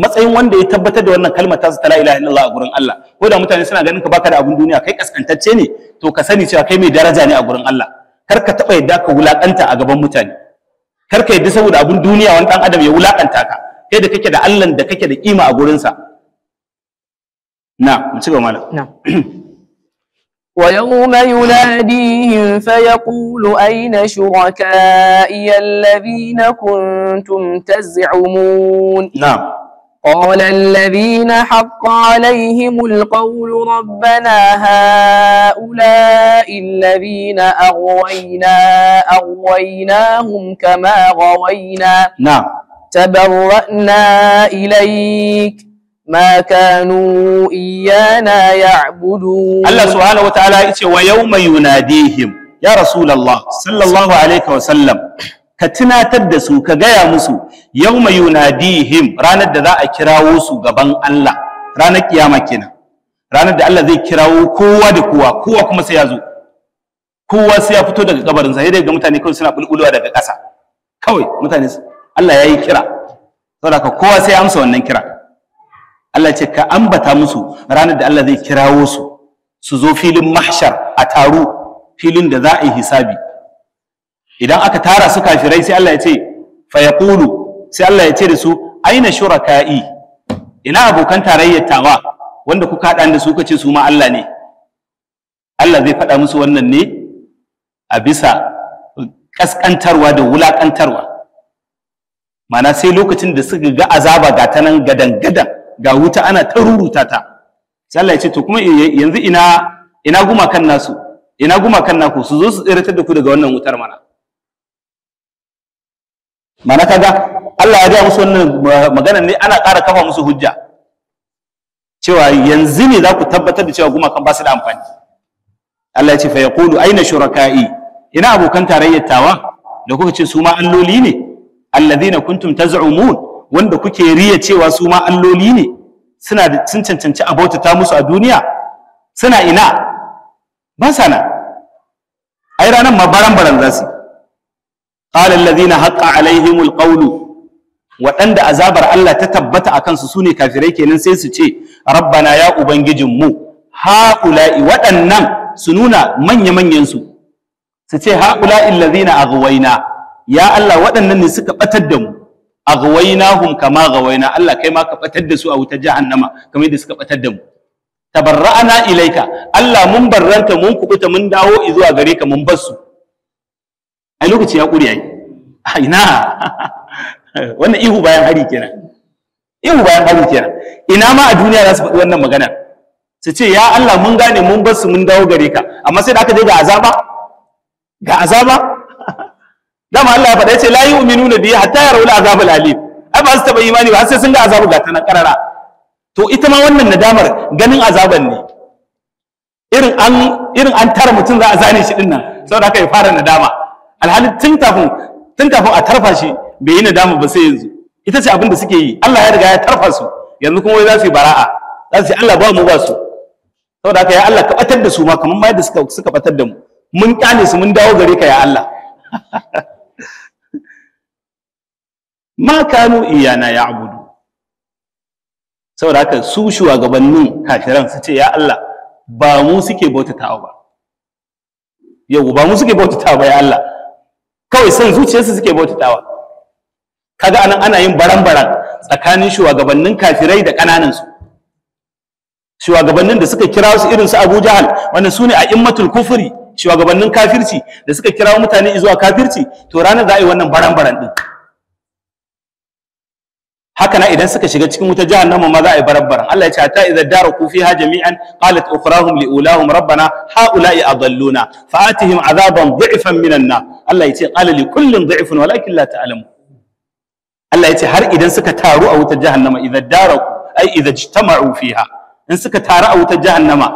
matsayin wanda ya tabbatar da wannan kalmar ta ta la ilaha illallah a gurin Allah ko da mutane suna ganin ka baka da abun duniya kai kaskantacce ne to ka sani cewa kai mai daraja ne a gurin Allah kar ka taba yadda ka wulakanta a gaban mutane kar ka yadda saboda abun duniya wani dan adam ya wulakanta ka kai da kake da Allah da kake da kima a gurin sa na mu ci gaba malam na ويوم يناديهم فيقول أين شركائي الذين كنتم تزعمون نعم قال الذين حق عليهم القول ربنا هؤلاء الذين أغوينا أغويناهم كما غوينا نعم تبرأنا إليك ما كانوا إيانا يعبدون الله سبحانه وتعالى ويوم يناديهم يا رسول الله صلى الله عليه وسلم ka tunatar da su ka gaya musu yau mai yunadihim ranar da za a kirawo su gaban Allah ranar kiyama kenan ranar da Allah zai kirawo kowa da kowa kowa kuma sai ya zo kowa sai ya fito daga kabarin sa sai ga mutane kawai suna bulbulwa daga ƙasa kawai mutane Allah ya yi kira saboda kowa sai ya amsa wannan kira Allah ce ka ambata musu ranar da Allah zai kirawo su su zo filin mahshar a taru filin da za a yi hisabi idan aka tara su kafirai sai Allah ya ce fa yaqulu sai Allah ya ce da su aina shuraka'i ina abokan tarayyar tawa wanda kuka hada da su kace su ma Allah ne Allah zai faɗa musu wannan ne a bisa kaskantarwa da wulakantarwa mana sai lokacin da suka ga azaba ga ta nan gadan gadan ga wuta ana ta ruruta ta sai Allah ya ce to kuma yanzu ina ina gumakan nasu ina gumakan naku su zo su tsiratar da ku daga wannan wutar mana mana kaga Allah ya ga musu wannan maganar ne ana ƙara kafa musu hujja cewa yanzu ne za ku tabbatar da cewa gumakan ba su da amfani Allah ya ce fa yaqulu aina shuraka'i ina abokan tarayyar tawa da kuka ce su ma alloli ne alladhina kuntum taz'umun wanda kuke riya cewa su ma alloli ne suna sun cancanci abota ta musu a duniya suna ina ba sana ai ranar ma baran baran za su qala allazina haqqa alaihimul qawlu waɗanda azabar Allah ta tabbata a kansu sune kafirai kenan sai su ce rabbana ya ubangijinmu haula'i waɗannan su nuna manya-manyan su su ce haula'i allazina aghwayna ya Allah waɗannan ne suka batar da mu aghwaynahum kama ghawayna Allah kai ma ka batar da su a wutar jahannama kamar yadda suka batar da mu tabarra'ana ilaika Allah mun barranta mun kubuta mun dawo zuwa gare ka mun bar su ai lokaci ya ƙure a ina wannan ihu bayan hari kenan ihu bayan hari kenan ina ma a duniya za su faɗi wannan magana su ce ya Allah mun gane mun bar su mun dawo gare ka amma sai da aka je ga azaba ga azaba dama Allah ya faɗa ce la yu'minuna bihi hatta yarawul azabul alim ai ba su taɓa imani ba sai sun ga azabu ga ta na karara to ita ma wannan nadamar ganin azaban ne irin an irin an tara mutum za a zane shi dinnan saboda haka ya fara nadama alhalin tun tafin tun tafin a tarfa shi bai yi nadama ba sai yanzu ita ce abin da suke yi Allah ya riga ya tarfa su yanzu kuma wai za su yi bara'a za su yi Allah ba mu ba su saboda haka ya Allah ka batar da su ma kamar ma yadda suka suka batar da mu mun kyale su mun dawo gare ka ya Allah ma kanu iyana ya abudu saboda haka su shugabannin kafiran su ce ya Allah ba mu suke bautatawa ba yau ba mu suke bautatawa ba ya Allah kawai son zuciyarsu suke bautatawa kaga anan ana yin baran-baran tsakanin shugabannin kafirai da ƙananansu? su shugabannin da suka kira su irin su Abu Jahal wannan sune a immatul kufri shugabannin kafirci da suka kira mutane zuwa kafirci to ranar za a yi wannan baran-baran din haka na idan suka shiga cikin wuta jahannama ma za a yi barabbaran Allah ya ce hatta idza daraku fiha jami'an qalat ukhrahum li ulahum rabbana azaban dhi'fan minan qala li kullin dhi'fun har a wutar jahannama idza daraku ai idza taru a wutar jahannama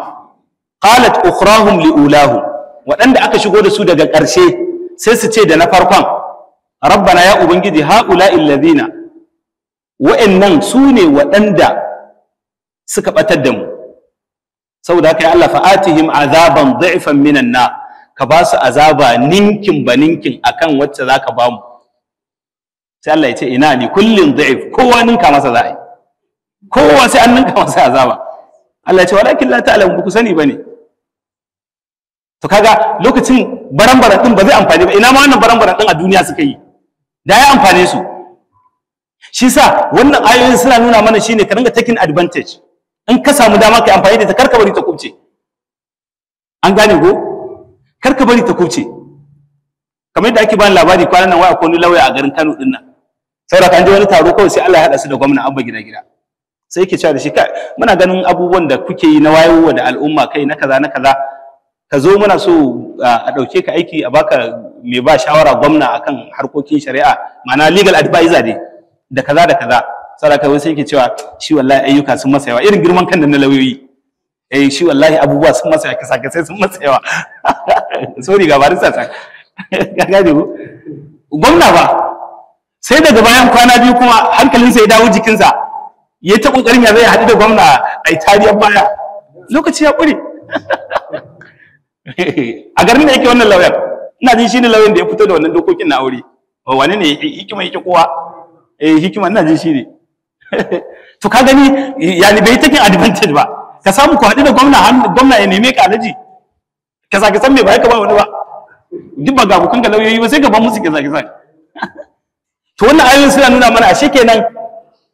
qalat ukhrahum li waɗanda aka shigo da su daga ƙarshe sai su ce da na farkon rabbana ya ubangiji haula'i wa'annan su ne waɗanda suka ɓatar da mu saboda haka ya Allah fa'atihim azaban da'ifan minan na ka ba su azaba ninkin ba ninkin akan wacce za ka ba mu sai Allah ya ce ina ni kullin da'if kowa ninka masa za'a yi kowa sai an ninka masa azaba Allah ya ce walakin la ta'lamu ku sani bane to kaga lokacin baran-baran din ba zai amfani ba ina ma wannan baran-baran din a duniya suka yi da ya amfane su shi sa wannan ayoyin suna nuna mana shine ka ringa taking advantage in ka samu dama kai amfani da ta karka bari ta kubce an gane ko karka bari ta kubce kamar yadda ake bani labari kwanan nan wai akwai wani lauya a garin Kano din nan saboda kan je wani taro kawai sai Allah ya hada su da gwamna Abba gida gida sai yake cewa da shi kai muna ganin abubuwan da kuke yi na wayowa da al'umma kai na kaza na kaza ka zo muna so a ɗauke ka aiki a baka mai ba shawara gwamna akan harkokin shari'a ma'ana legal advisor dai da kaza da kaza saboda wani sai yake cewa shi wallahi ayyuka sun masa yawa irin girman kan da na lauyoyi eh shi wallahi abubuwa sun masa yawa kasa kasa sun masa yawa sorry ga barista ta ga gaje ku gwamna ba sai daga bayan kwana biyu kuma hankalinsa ya dawo jikinsa ya ta kokarin ya zai haɗu da gwamna a itariyar baya lokaci ya ƙure a garin da yake wannan lauyar ina jin shi ne lauyan da ya fito da wannan dokokin na aure wane ne hikima yake kowa eh hikima ina jin shi ne to ka gani ya yani bai take advantage ba ka samu ku hadu da gwamna gwamna ya neme ka alaji ka sake san me ba ka ba wani ba duk ba ga bukan ka lauyoyi ba sai ka ba musu ka sake san to wannan ayoyin suna nuna mana ashe kenan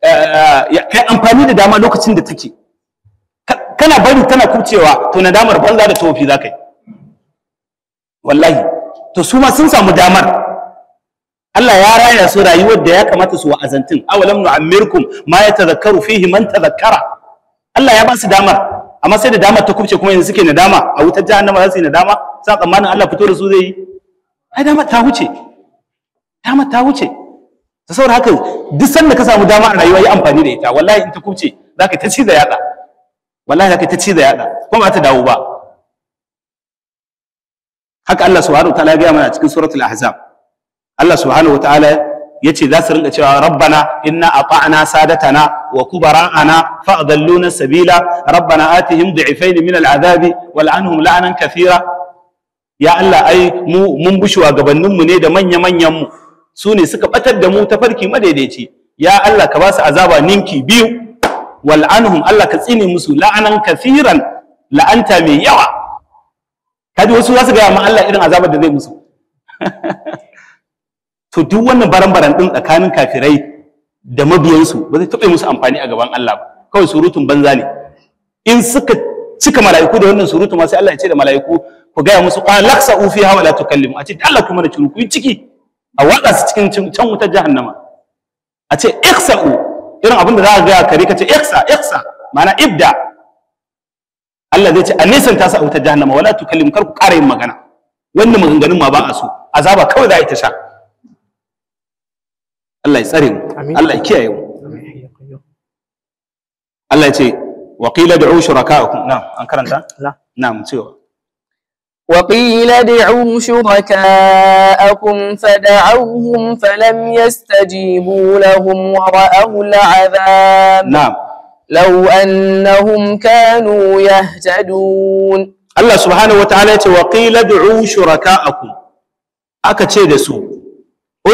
eh, kai amfani da dama lokacin da take kana bari tana kucewa to nadamar banza da tofi za ka yi wallahi to su ma sun samu damar Allah ya raya su rayuwar da ya kamata su wa'azantin awalam nu'ammirkum ma yatadhakkaru fihi man tadhakkara Allah ya ba su damar amma sai da damar ta kubce kuma yanzu suke nadama a wutar jahannama za su yi nadama sa tsammanin Allah fito da su zai yi ai damar ta wuce damar ta wuce ta saboda haka duk sanda ka samu dama a rayuwa yi amfani da ita wallahi in ta kubce za ka ta ci da yaɗa, wallahi za ka ta ci da yada kuma ba ta dawo ba haka Allah subhanahu wa ta'ala ya gaya mana cikin suratul ahzab Allah subhanahu wataala ya ce za su rinka cewa rabbana inna ata'na sadatana wa kubara'ana fa'dalluna sabila rabbana atihim du'ifain min al'adabi wal'anhum la'anan kathira ya Allah ai mu mun gabanin mu ne da manya-manyan mu sune suka batar da mu ta farki madaidaici ya Allah ka ba su azaba ninki biyu wal'anhum Allah ka tsine musu la'anan kathiran la'anta mai yawa kaji wasu za su gaya ma Allah irin azabar da zai musu to duk wannan baran-baran din tsakanin kafirai da mabiyansu ba zai taɓa musu amfani a gaban Allah ba kawai surutun banza ne in suka cika mala'iku da wannan surutu ma sai Allah ya ce da mala'iku ku gaya musu qalaqsa ufi hawa la tukallimu a ce Allah kuma da curu ku ciki a watsa su cikin can wutar jahannama a ce u, irin abin da za ka gaya kare ka ce iksa iksa ma'ana ibda Allah zai ce a nisan ta sa a wutar jahannama wala tukallimu kar ku ƙara yin magana wannan maganganun ma ba a so azaba kawai za a yi ta sha Allah ya tsare mu Allah ya kiyaye mu Allah ya ce wa qila du'u shuraka'akum na'am an karanta na'am cewa وقيل ادعوا شركاءكم فدعوهم فلم يستجيبوا لهم ورأوا العذاب نعم لو أنهم كانوا يهتدون الله سبحانه وتعالى وقيل ادعوا شركاءكم أكتشي دسو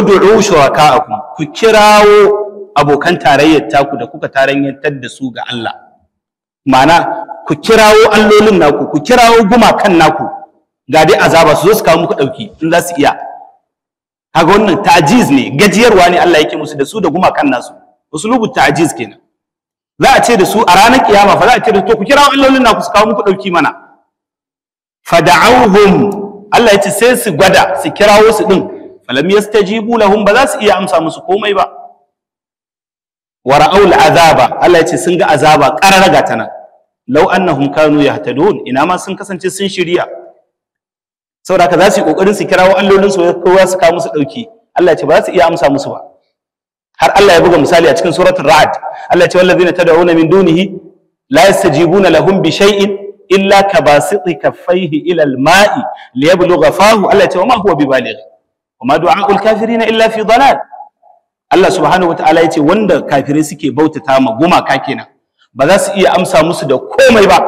ud'u shuraka'akum ku kirawo abokan tarayyar taku da kuka tarayyantar da su ga Allah ma'ana ku kirawo allolin naku ku kirawo gumakan naku ga dai azaba su zo su kawo muku dauki in za su iya kaga wannan ta'jiz ne gajiyarwa ne Allah yake musu da su da gumakan nasu usulubu ta'jiz kenan za a ce da su a ranar kiyama fa za a ce da to ku kirawo allolin naku su kawo muku dauki mana fada'uhum Allah ya ce sai su gwada su kirawo su din falam yastajibu lahum ba za su iya amsa musu komai ba wa azaba Allah ya ce sun ga azaba qararaga ta nan law annahum kanu yahtadun ina ma sun kasance sun shirya saboda ka za su yi kokarin su kirawo allolin su kowa su kawo musu dauki Allah ya ce ba za su iya amsa musu ba har Allah ya buga misali a cikin suratul ra'd Allah ya ce wallazina tad'una min dunihi la yastajibuna lahum bi shay'in illa kabasiti kaffaihi ila al-ma'i liyabluga fahu Allah ya ce wa ma huwa bibaligh kuma du'a'ul kafirin illa fi dalal Allah subhanahu wataala yace wanda kafirai suke bautata ma ka kenan ba za su iya amsa musu da komai ba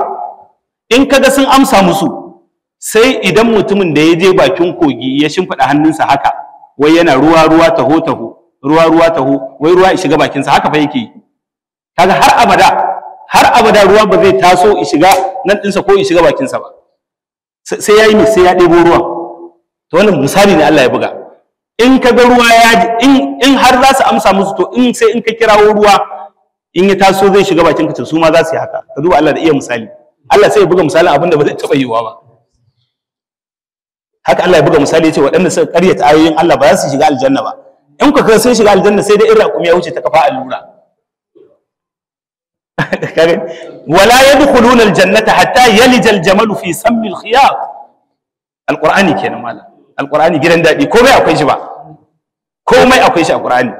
in kaga sun amsa musu sai idan mutumin da ya je bakin kogi ya shimfiɗa hannunsa haka wai yana ruwa ruwa taho taho ruwa ruwa taho wai ruwa ya shiga bakinsa haka fa yake kaga har abada har abada ruwa ba zai taso ya shiga nan ɗinsa ko ya shiga bakinsa ba sai ya yi sai ya ɗebo ruwan ta wannan misali ne Allah ya buga in ka ga ruwa ya in in har za su amsa musu to in sai in ka kirawo ruwa in ya taso zai shiga bakin ka su ma za su yi haka ka duba Allah da iya misali Allah sai ya buga misalin abin da ba zai taɓa yiwuwa ba haka Allah ya buga misali ya ce waɗanda suka karyata ayoyin Allah ba za su shiga aljanna ba in ku sai shiga aljanna sai dai irin akumi ya wuce ta kafa allura wala yadkhuluna aljannata hatta yalija aljamalu fi sammi alkhiyar alqur'ani kenan malam alqur'ani gidan daɗi komai akwai shi ba komai akwai shi Alƙur'ani.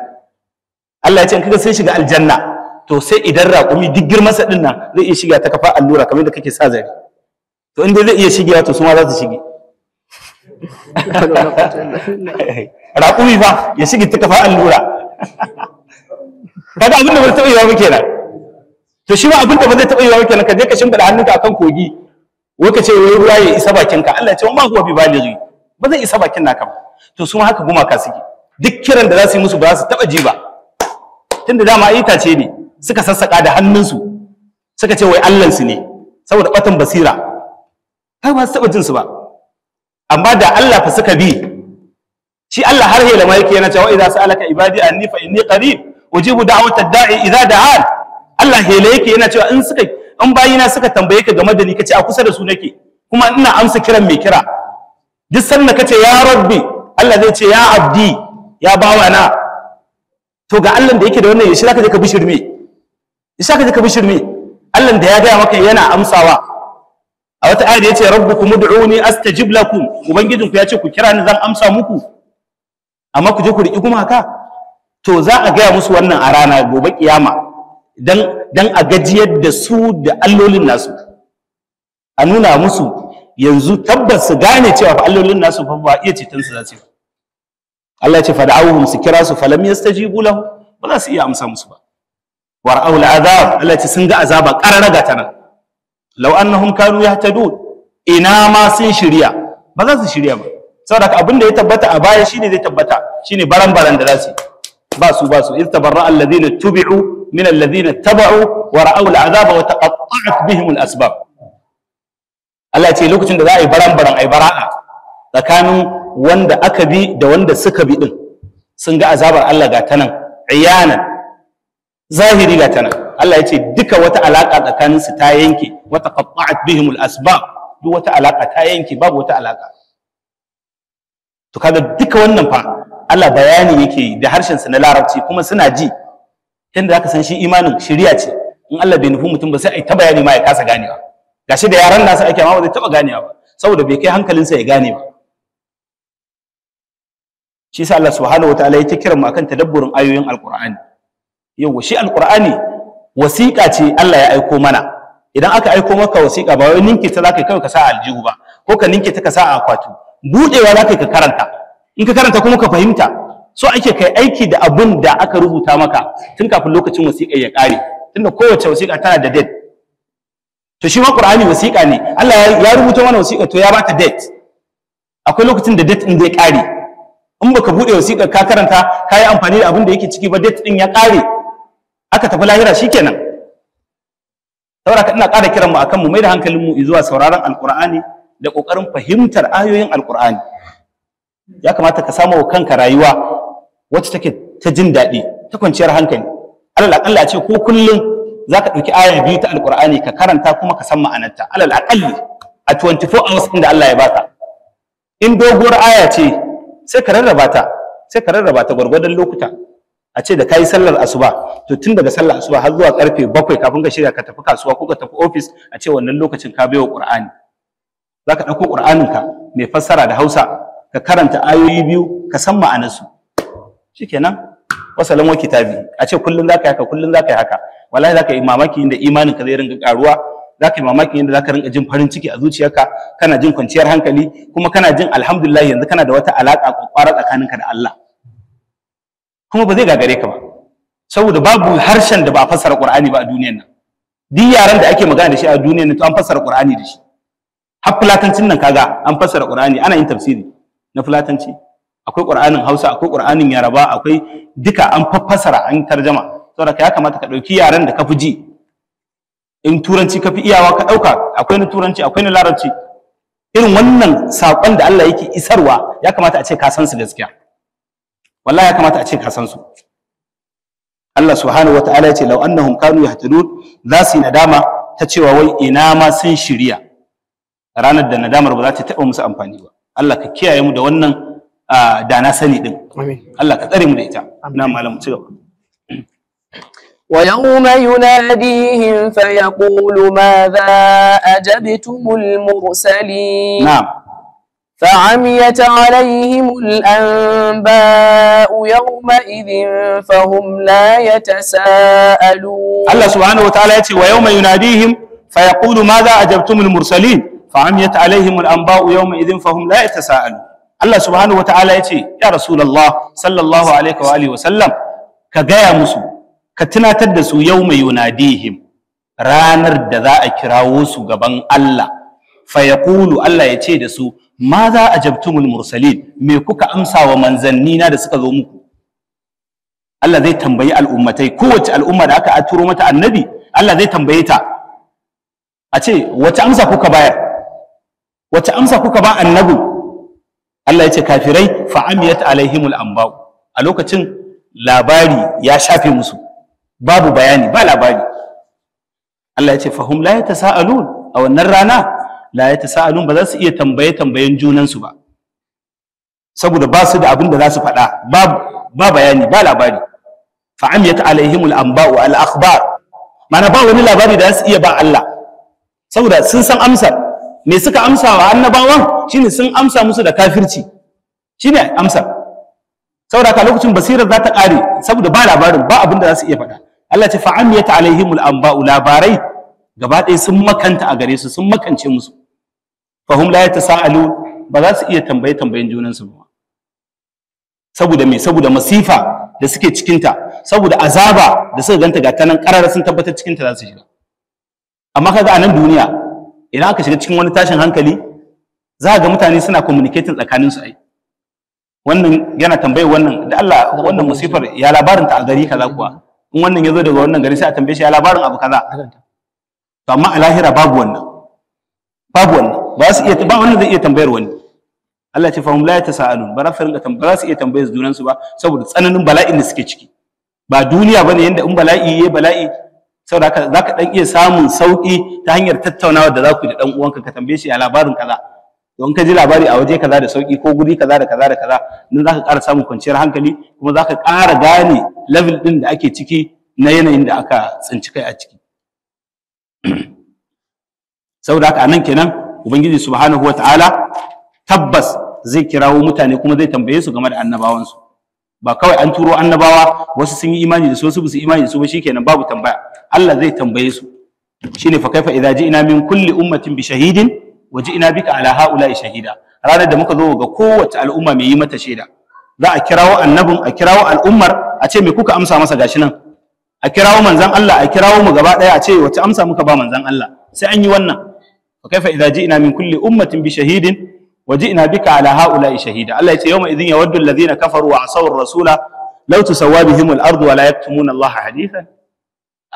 Allah ya ce in kaga sai shiga aljanna to sai idan raƙumi duk girman sa din nan zai iya shiga ta kafa allura kamar da kake sa zari to in dai zai iya shigewa to su ma za su shige raƙumi fa ya shige ta kafa allura kaga abin da ba yi wa muke na, to shi ma abin da ba zai taɓa wa muke kenan ka je ka shimfiɗa hannunka akan kogi wai ka ce wai ruwa ya isa bakinka Allah ya ce ma huwa bi balighi ba zai isa bakin naka ba to su haka gumaka suke duk kiran da za su yi musu ba su taba ji ba tunda dama ayyuka ce ne suka sassaka da hannunsu suka ce wai Allah su ne saboda batan basira kai ba su taba jin su ba amma da Allah fa suka bi shi Allah har helama yake yana cewa idza sa'alaka ibadi anni fa inni qarib ujibu da'watad da'i idza da'an Allah hele yake yana cewa in suka in bayina suka tambaye ka game da ni kace a kusa da su nake kuma ina amsa kiran mai kira duk sanda kace ya rabbi Allah zai ce ya abdi ya bawa na to ga Allah da yake da wannan yashi zaka je ka bishirme yashi zaka je ka bishirme Allah da ya gaya maka yana amsawa a wata ayar yace rabbukum ud'uni astajib lakum ubangijinku ya ce ku kira ni zan amsa muku amma ku je ku riki gumaka to za a gaya musu wannan a rana gobe kiyama dan dan a gajiyar da su da allolin nasu a nuna musu yanzu tabbas su gane cewa fa allolin nasu fa ba iya ceton su za su Allah ce fada'awuhum su kira su falam yastajibu lahu ba za su iya amsa musu ba wara'u al'azab Allah ce sun ga azaba qararaga ta nan law annahum kanu yahtadun ina ma sun shirya ba za su shirya ba saboda abinda ya tabbata a baya shine zai tabbata shine baran-baran da za su ba su ba su iz tabarra alladhina tubi'u min alladhina taba'u wa ra'aw al'azaba wa taqatta'at bihim al'asbab Allah ce lokacin da za a yi baran-baran a yi bara'a tsakanin wanda aka bi da wanda suka bi din sun ga azabar Allah ga nan, iyanan zahiri ga tanan Allah ya ce duka wata alaƙa tsakanin su ta yanke wata qatta'at bihimul asbab duk wata alaƙa ta yanke babu wata alaƙa. to kaga duka wannan fa Allah bayani yake yi da harshen sa na larabci kuma suna ji inda zaka san shi imanin shari'a ce in Allah bai nufi mutum ba sai ai ta bayani ma ya kasa ganewa gashi da yaran nasa ake ma ba zai taba ganewa ba saboda bai kai hankalinsa ya gane ba shi sa Allah subhanahu wataala ya ta kira mu akan tadabburin ayoyin alqur'ani yawa shi alqur'ani wasiƙa ce Allah ya aiko mana idan aka aiko maka wasiƙa ba wai ninki ta zaka kai ka sa aljihu ba ko ka ninki ta ka sa a akwatu budewa zaka ka karanta in ka karanta kuma ka fahimta so ake kai aiki da abin da aka rubuta maka tun kafin lokacin wasiqa ya kare tunda kowace wasiƙa tana da date to shi ma qur'ani wasiƙa ne Allah ya rubuta mana wasiƙa to ya baka date akwai lokacin da date din zai kare in baka bude wasiqa ka karanta ka amfani da abin da yake ciki ba date din ya kare aka tafi lahira shikenan saboda ka ina ƙara kiran mu akan mu mai da hankalin mu zuwa sauraron alqur'ani da kokarin fahimtar ayoyin alqur'ani ya kamata ka samu kanka rayuwa wacce take ta jin daɗi ta kwanciyar hankali Allah akalla a ce ko kullum za ka ɗauki aya biyu ta alƙur'ani ka karanta kuma ka san ma'anarta alal aƙalli a 24 hours inda Allah ya baka in doguwar aya ce sai ka rarraba ta sai ka rarraba ta gwargwadon lokuta a ce da kayi sallar asuba to tun daga sallar asuba har zuwa karfe bakwai kafin ka shirya ka tafi kasuwa ko ka tafi ofis a ce wannan lokacin ka baiwa ƙur'ani za ka ɗauko ƙur'aninka mai fassara da hausa ka karanta ayoyi biyu ka san ma'anarsu shikenan wasalan ta kitabi a ce kullum za ka yi haka kullum za ka yi haka wallahi zaka yi mamaki inda imanin ka zai ringa karuwa zaka yi mamaki inda zaka ringa jin farin ciki a zuciyarka kana jin kwanciyar hankali kuma kana jin alhamdulillah yanzu kana da wata alaka kwakwara tsakaninka da Allah kuma ba zai gagare ka ba saboda babu harshen da ba a fassara Qur'ani ba a duniyar nan duk yaran da ake magana da shi a duniyar nan to an fassara Qur'ani da shi har fulatancin nan kaga an fasara Qur'ani ana yin tafsiri na fulatanci akwai Qur'anin Hausa akwai Qur'anin Yaraba akwai duka an fassara an tarjama saboda ya kamata ka ɗauki yaren da ka fi ji in turanci ka fi iyawa ka ɗauka akwai na turanci akwai na larabci irin wannan saƙon da Allah yake isarwa ya kamata a ce ka san su gaskiya wallahi ya kamata a ce ka san su Allah subhanahu wa ya ce law annahum kanu yahtadun za su yi nadama ta cewa wai ina ma sun shirya ranar da nadamar ba za ta taɓa musu amfani ba Allah ka kiyaye mu da wannan ah, da na sani din Allah ka tsare mu da ita na malamu ci gaba ويوم يناديهم فيقول ماذا أجبتم المرسلين نعم فعميت عليهم الأنباء يومئذ فهم لا يتساءلون الله سبحانه وتعالى يأتي ويوم يناديهم فيقول ماذا أجبتم المرسلين فعميت عليهم الأنباء يومئذ فهم لا يتساءلون الله سبحانه وتعالى يأتي يا رسول الله صلى الله عليه وآله وسلم كجاية مسلم ka tunatar da su yau mai yunadihim ranar da za a kirawo su gaban Allah fa Kulu Allah ya ce da su ma za a jabtumul mursalin me kuka amsa wa manzanni na da suka zo muku Allah zai tambayi al'ummatai kowace al'umma da aka turo mata annabi Allah zai tambaye ta a ce wace amsa kuka bayar wace amsa kuka ba annabi Allah ya ce kafirai fa amiyat alaihimul anba'u a lokacin labari ya shafe musu babu bayani ba labari Allah ya ce fahim la yatasaalun a wannan rana la yatasaalun ba za su iya tambaye tambayen junansu ba saboda ba su da abin da za su faɗa ba bayani ba labari fa'amiyat himul anba'u al al'akbar. mana ba wani labari da za su iya ba Allah saboda sun san amsar me suka amsa wa annabawan shine sun amsa musu da kafirci shine amsar saboda ka lokacin basirar za ta ƙare saboda ba labarin ba abin da za su iya faɗa Allah ce ta fa'amiyat alaihimul anba'u labarai gaba ɗaya sun makanta a gare su sun makance musu fahum la sa’alu ba za su iya tambaye tambayen junan su ba saboda me saboda masifa da suke cikinta saboda azaba da suka ganta ga tanan karar sun tabbatar cikinta za su shiga amma kaga a nan duniya idan aka shiga cikin wani tashin hankali za ga mutane suna communicating tsakanin su ai wannan yana tambayar wannan da Allah wannan musifar ya labarinta a gari kaza kuwa in wannan ya zo daga wannan gari sai a tambaye shi ya labarin abu kaza to amma a lahira babu wannan babu wannan ba su iya ba wannan zai iya tambayar wani Allah ce fahim la yatasaalun ba rafin ga ba su iya tambayar junan su ba saboda tsananin bala'in da suke ciki ba duniya bane yanda in bala'i yayi bala'i saboda haka zaka dan iya samun sauki ta hanyar tattaunawa da zaku da dan uwanka ka tambaye shi ya labarin kaza To in ka ji labari a waje kaza da sauki ko guri kaza da kaza da kaza nan zaka ƙara samun kwanciyar hankali kuma zaka ƙara gane level din da ake ciki na yanayin da aka tsinci kai a ciki saboda haka anan kenan ubangiji subhanahu ta'ala, tabbas zai kirawo mutane kuma zai tambaye su game da annabawansu ba kawai an turo annabawa wasu sun yi imani da su wasu su imani da su ba shikenan babu tambaya Allah zai tambaye su shine fa kaifa idza ina min kulli ummatin bi shahidin waje ina bika ala haula shahida ranar da muka zo ga kowace al'umma mai yi mata shaida za a kirawo annabin a kirawo al'ummar a ce me kuka amsa masa gashi nan a kirawo manzan Allah a kirawo mu gaba daya a ce wace amsa muka ba manzan Allah sai an yi wannan fa kaifa idza ji'na min kulli ummatin bi shahidin وجئنا بك على هؤلاء شهيدا الله يتي يوم إذن يود الذين كفروا وعصوا الرسول لو تسوى بهم الأرض ولا يكتمون الله حديثا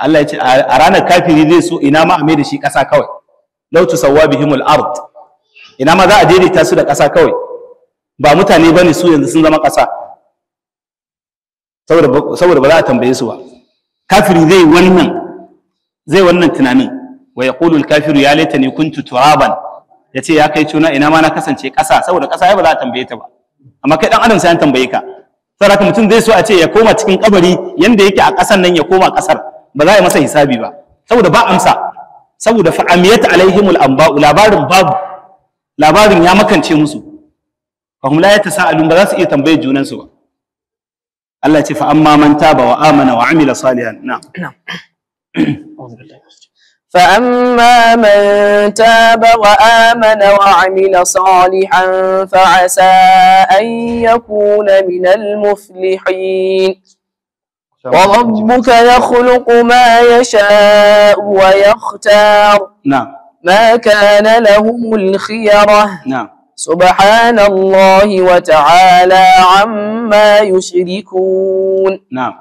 الله يتي أرانا كافر ذي سوء إنما أمير شيء كسا kawai? law tusawwa bihimul ard ina ma za a ta su da ƙasa kawai ba mutane bane su yanzu sun zama ƙasa saboda ba za a tambaye su ba kafiri zai wannan zai wannan tunanin wa yaqulu al-kafiru ya laitani kuntu turaban yace ya kai cuna ina ma na kasance ƙasa saboda ƙasa ya ba za a tambaye ta ba amma kai dan adam sai an tambaye ka saboda mutum zai so a ce ya koma cikin kabari yanda yake a ƙasan nan ya koma ƙasar ba za a yi masa hisabi ba saboda ba amsa saboda fa amiyat alaihim al-anba'u labarin babu labarin ya makance musu fahum la yatasaalun ba za su iya tambaye junan su ba Allah ya ce fa amma man taba wa amana wa amila salihan na'am na'am فأما من تاب وآمن وعمل صالحا فعسى أن يكون من المفلحين وربك يخلق ما يشاء ويختار نعم ما كان لهم الخيرة نعم سبحان الله وتعالى عما يشركون نعم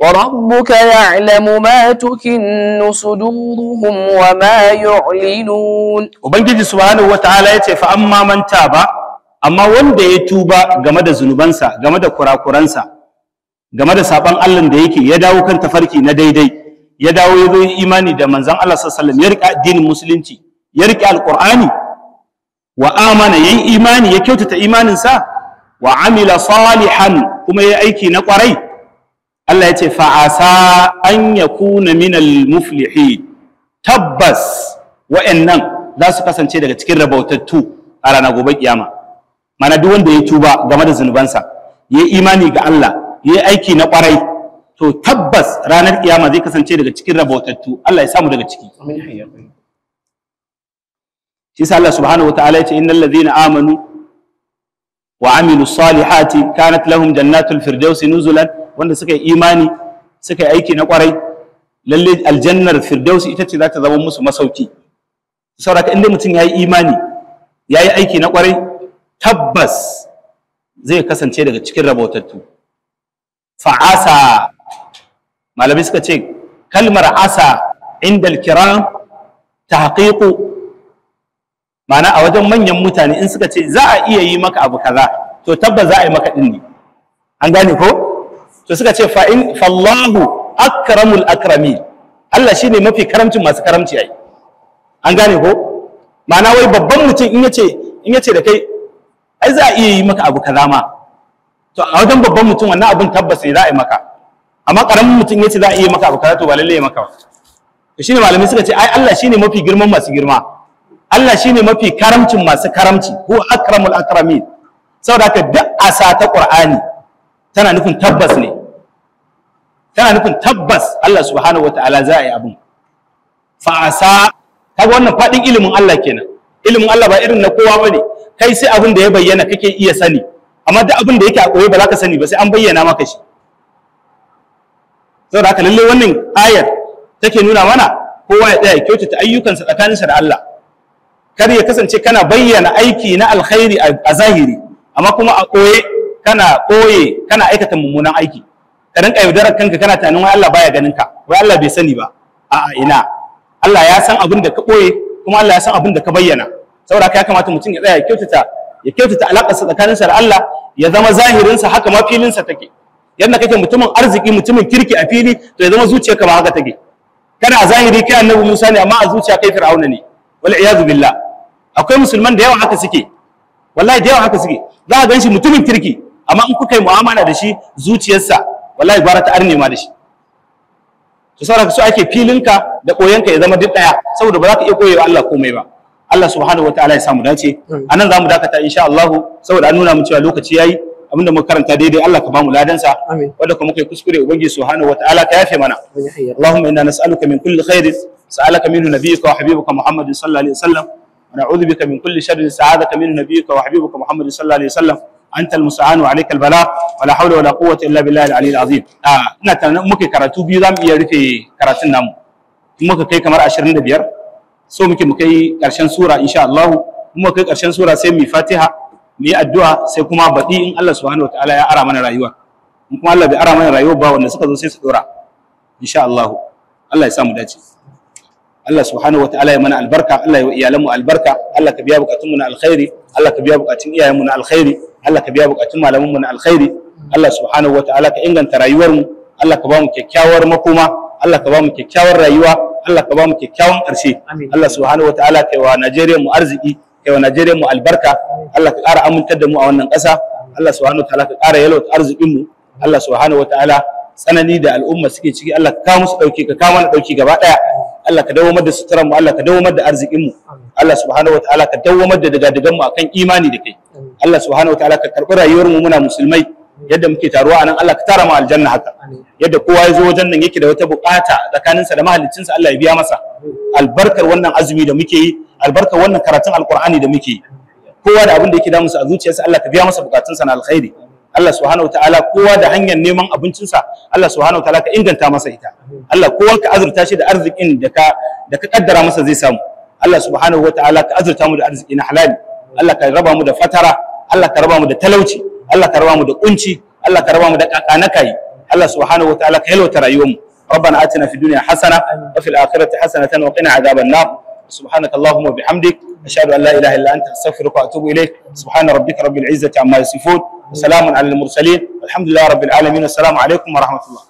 وربك يعلم ما تكن صدورهم وما يعلنون وبنجي سبحانه وتعالى يتي فأما من تاب أما وند يتوب غمد ذنوبانسا غمد كراكورانسا game da saban Allah da yake ya dawo kan tafarki na daidai ya dawo ya zo imani da manzon Allah sallallahu alaihi wasallam ya rika addinin musulunci ya rike alqur'ani wa amana yayi imani ya kyautata imanin sa wa amila salihan kuma yayi aiki na kwarai Allah ya ce fa'asa an yakuna minal muflihin tabbas wa'annan za su kasance daga cikin rabautattu a ranar gobe kiyama mana duk wanda ya tuba game da zunubansa ya imani ga Allah yayi aiki na kwarai to tabbas ranar kiyama zai kasance daga cikin rabotattu Allah ya samu daga ciki shi yasa Allah subhanahu wataala yace innal ladhina amanu wa amilu salihati kanat lahum jannatul firdausi nuzulan wanda suka yi imani suka yi aiki na kwarai lalle aljannar firdausi ita ce za ta zama musu masauki saboda inda mutum ya yi imani ya yi aiki na kwarai tabbas zai kasance daga cikin rabotattu fa'asa malabi suka ce kalmar asa inda kiram ta haƙiƙo mana a wajen manyan mutane in suka ce za a iya yi maka abu kaza to tabbas za a yi maka ɗin ne an gane ko to suka ce fa'in fallahu akramul akrami Allah shi ne mafi karamcin masu karamci ai an gane ko mana wai babban mutum in in yace da kai ai za a iya yi maka abu kaza ma to a wajen babban mutum wannan abin tabbas ne za a yi maka amma karamin mutum yace za a iya maka abu karatu ba lalle ya maka ba to shine malamai suka ce ai Allah shine mafi girman masu girma Allah shine mafi karamcin masu karamci hu akramul akramin saboda haka duk asa ta Qur'ani tana nufin tabbas ne tana nufin tabbas Allah subhanahu wataala za a yi abin fa asa kaga wannan fadin ilimin Allah kenan ilimin Allah ba irin na kowa bane kai sai abin da ya bayyana kake iya sani amma duk abin da yake a koyi ba za ka sani ba sai an bayyana maka shi da haka lalle wannan ayar take nuna mana kowa ya tsaya kyautata ayyukansa tsakaninsa da Allah kar ya kasance kana bayyana aiki na alkhairi a zahiri amma kuma a koye kana koye kana aikata mummunan aiki ka rinka yaudarar kanka kana tunanin wai Allah baya ganin ka wai Allah bai sani ba a'a ina Allah ya san abin da ka koye kuma Allah ya san abin da ka bayyana saboda haka ya kamata mutum ya tsaya ya kyautata ya kyautata alaƙarsa tsakaninsa da Allah ya zama zahirinsa haka ma filinsa take yadda kake mutumin arziki mutumin kirki a fili to ya zama zuciyarka ba haka take kana a zahiri kai annabi Musa ne amma a zuciya kai Fir'auna ne wal iyazu billah akwai musulman da yawa haka suke wallahi da yawa haka suke za ka ganshi mutumin kirki amma in kuka yi mu'amala da shi zuciyarsa wallahi gwara ta arne ma da shi to saboda so ake filinka da koyanka ya zama duk daya saboda ba za ka iya koyewa Allah komai ba Allah subhanahu wataala ya samu dace hmm. anan zamu dakata insha Allah saboda an nuna mu cewa lokaci yayi abinda muka karanta daidai Allah ka bamu ladan sa wanda kuma kai kuskure ubangiji subhanahu wataala ka yafe mana Allahumma inna nas'aluka min kulli khairin sa'alaka minhu nabiyyuka wa habibuka Muhammad sallallahu alaihi wasallam ونعوذ بك من كل شر سعادك من نبيك وحبيبك محمد صلى الله عليه وسلم أنت المستعان وعليك البلاء ولا حول ولا قوة إلا بالله العلي العظيم آه نتنا ممكن كراتو بيضام يرفي كراتنا ممكن so muke mu kai ƙarshen sura insha Allah mu kai ƙarshen sura sai mu Fatiha mu yi addu'a sai kuma baɗi in Allah subhanahu wataala ya ara mana rayuwa in kuma Allah bai ara mana rayuwa ba wanda suka zo sai su dora insha Allah Allah ya sa mu dace Allah subhanahu wataala ya mana albarka Allah ya wa iyalan mu albarka Allah ka biya bukatun mu na alkhairi Allah ka biya bukatun iyayen mu na alkhairi Allah ka biya bukatun malaman mu na alkhairi Allah subhanahu wataala ka inganta rayuwar mu Allah ka ba mu kyakkyawar makoma Allah ka ba mu kyakkyawar rayuwa Allah ka ba mu kyakkyawan ƙarshe Allah subhanahu wataala kai wa Najeriya mu arziki kai wa Najeriya mu albarka Allah ka ƙara amintar da mu a wannan ƙasa Allah subhanahu wataala ka ƙara yalwata arzikin mu Allah subhanahu wataala tsanani da al'umma suke ciki Allah ka kawo musu ɗauki ka kawo mana ɗauki gaba ɗaya. Allah ka dawo da suturan mu Allah ka dawo da arzikin mu Allah subhanahu wataala ka dawo da daga-dagan mu akan imani da kai Allah subhanahu wataala ka karɓi rayuwar mu muna musulmai yadda muke taruwa anan Allah ka tara mu aljanna haka yadda kowa ya zo wajen nan yake da wata bukata tsakaninsa da mahaliccinsa Allah ya biya masa albarkar wannan azumi da muke yi albarkar wannan karatun alqur'ani da muke yi kowa da abin da yake damunsa a zuciyarsa Allah ka biya masa bukatunsa na alkhairi Allah subhanahu wataala kowa da hanyar neman abincinsa Allah subhanahu wataala ka inganta masa ita Allah kowa ka azurta shi da arzikin da ka da ka kaddara masa zai samu Allah subhanahu wataala ka azurta mu da arziki na halali Allah ka raba mu da fatara Allah ka raba mu da talauci Allah ka raba mu da kunci Allah ka raba mu da kakanakai Allah subhanahu wataala ka yalwata rayuwar mu ربنا آتنا في الدنيا حسنة وفي الآخرة حسنة وقنا عذاب النار سبحانك اللهم وبحمدك أشهد أن لا إله إلا أنت أستغفرك وأتوب إليك سبحان ربك رب العزة عما يصفون وسلام على المرسلين والحمد لله رب العالمين والسلام عليكم ورحمة الله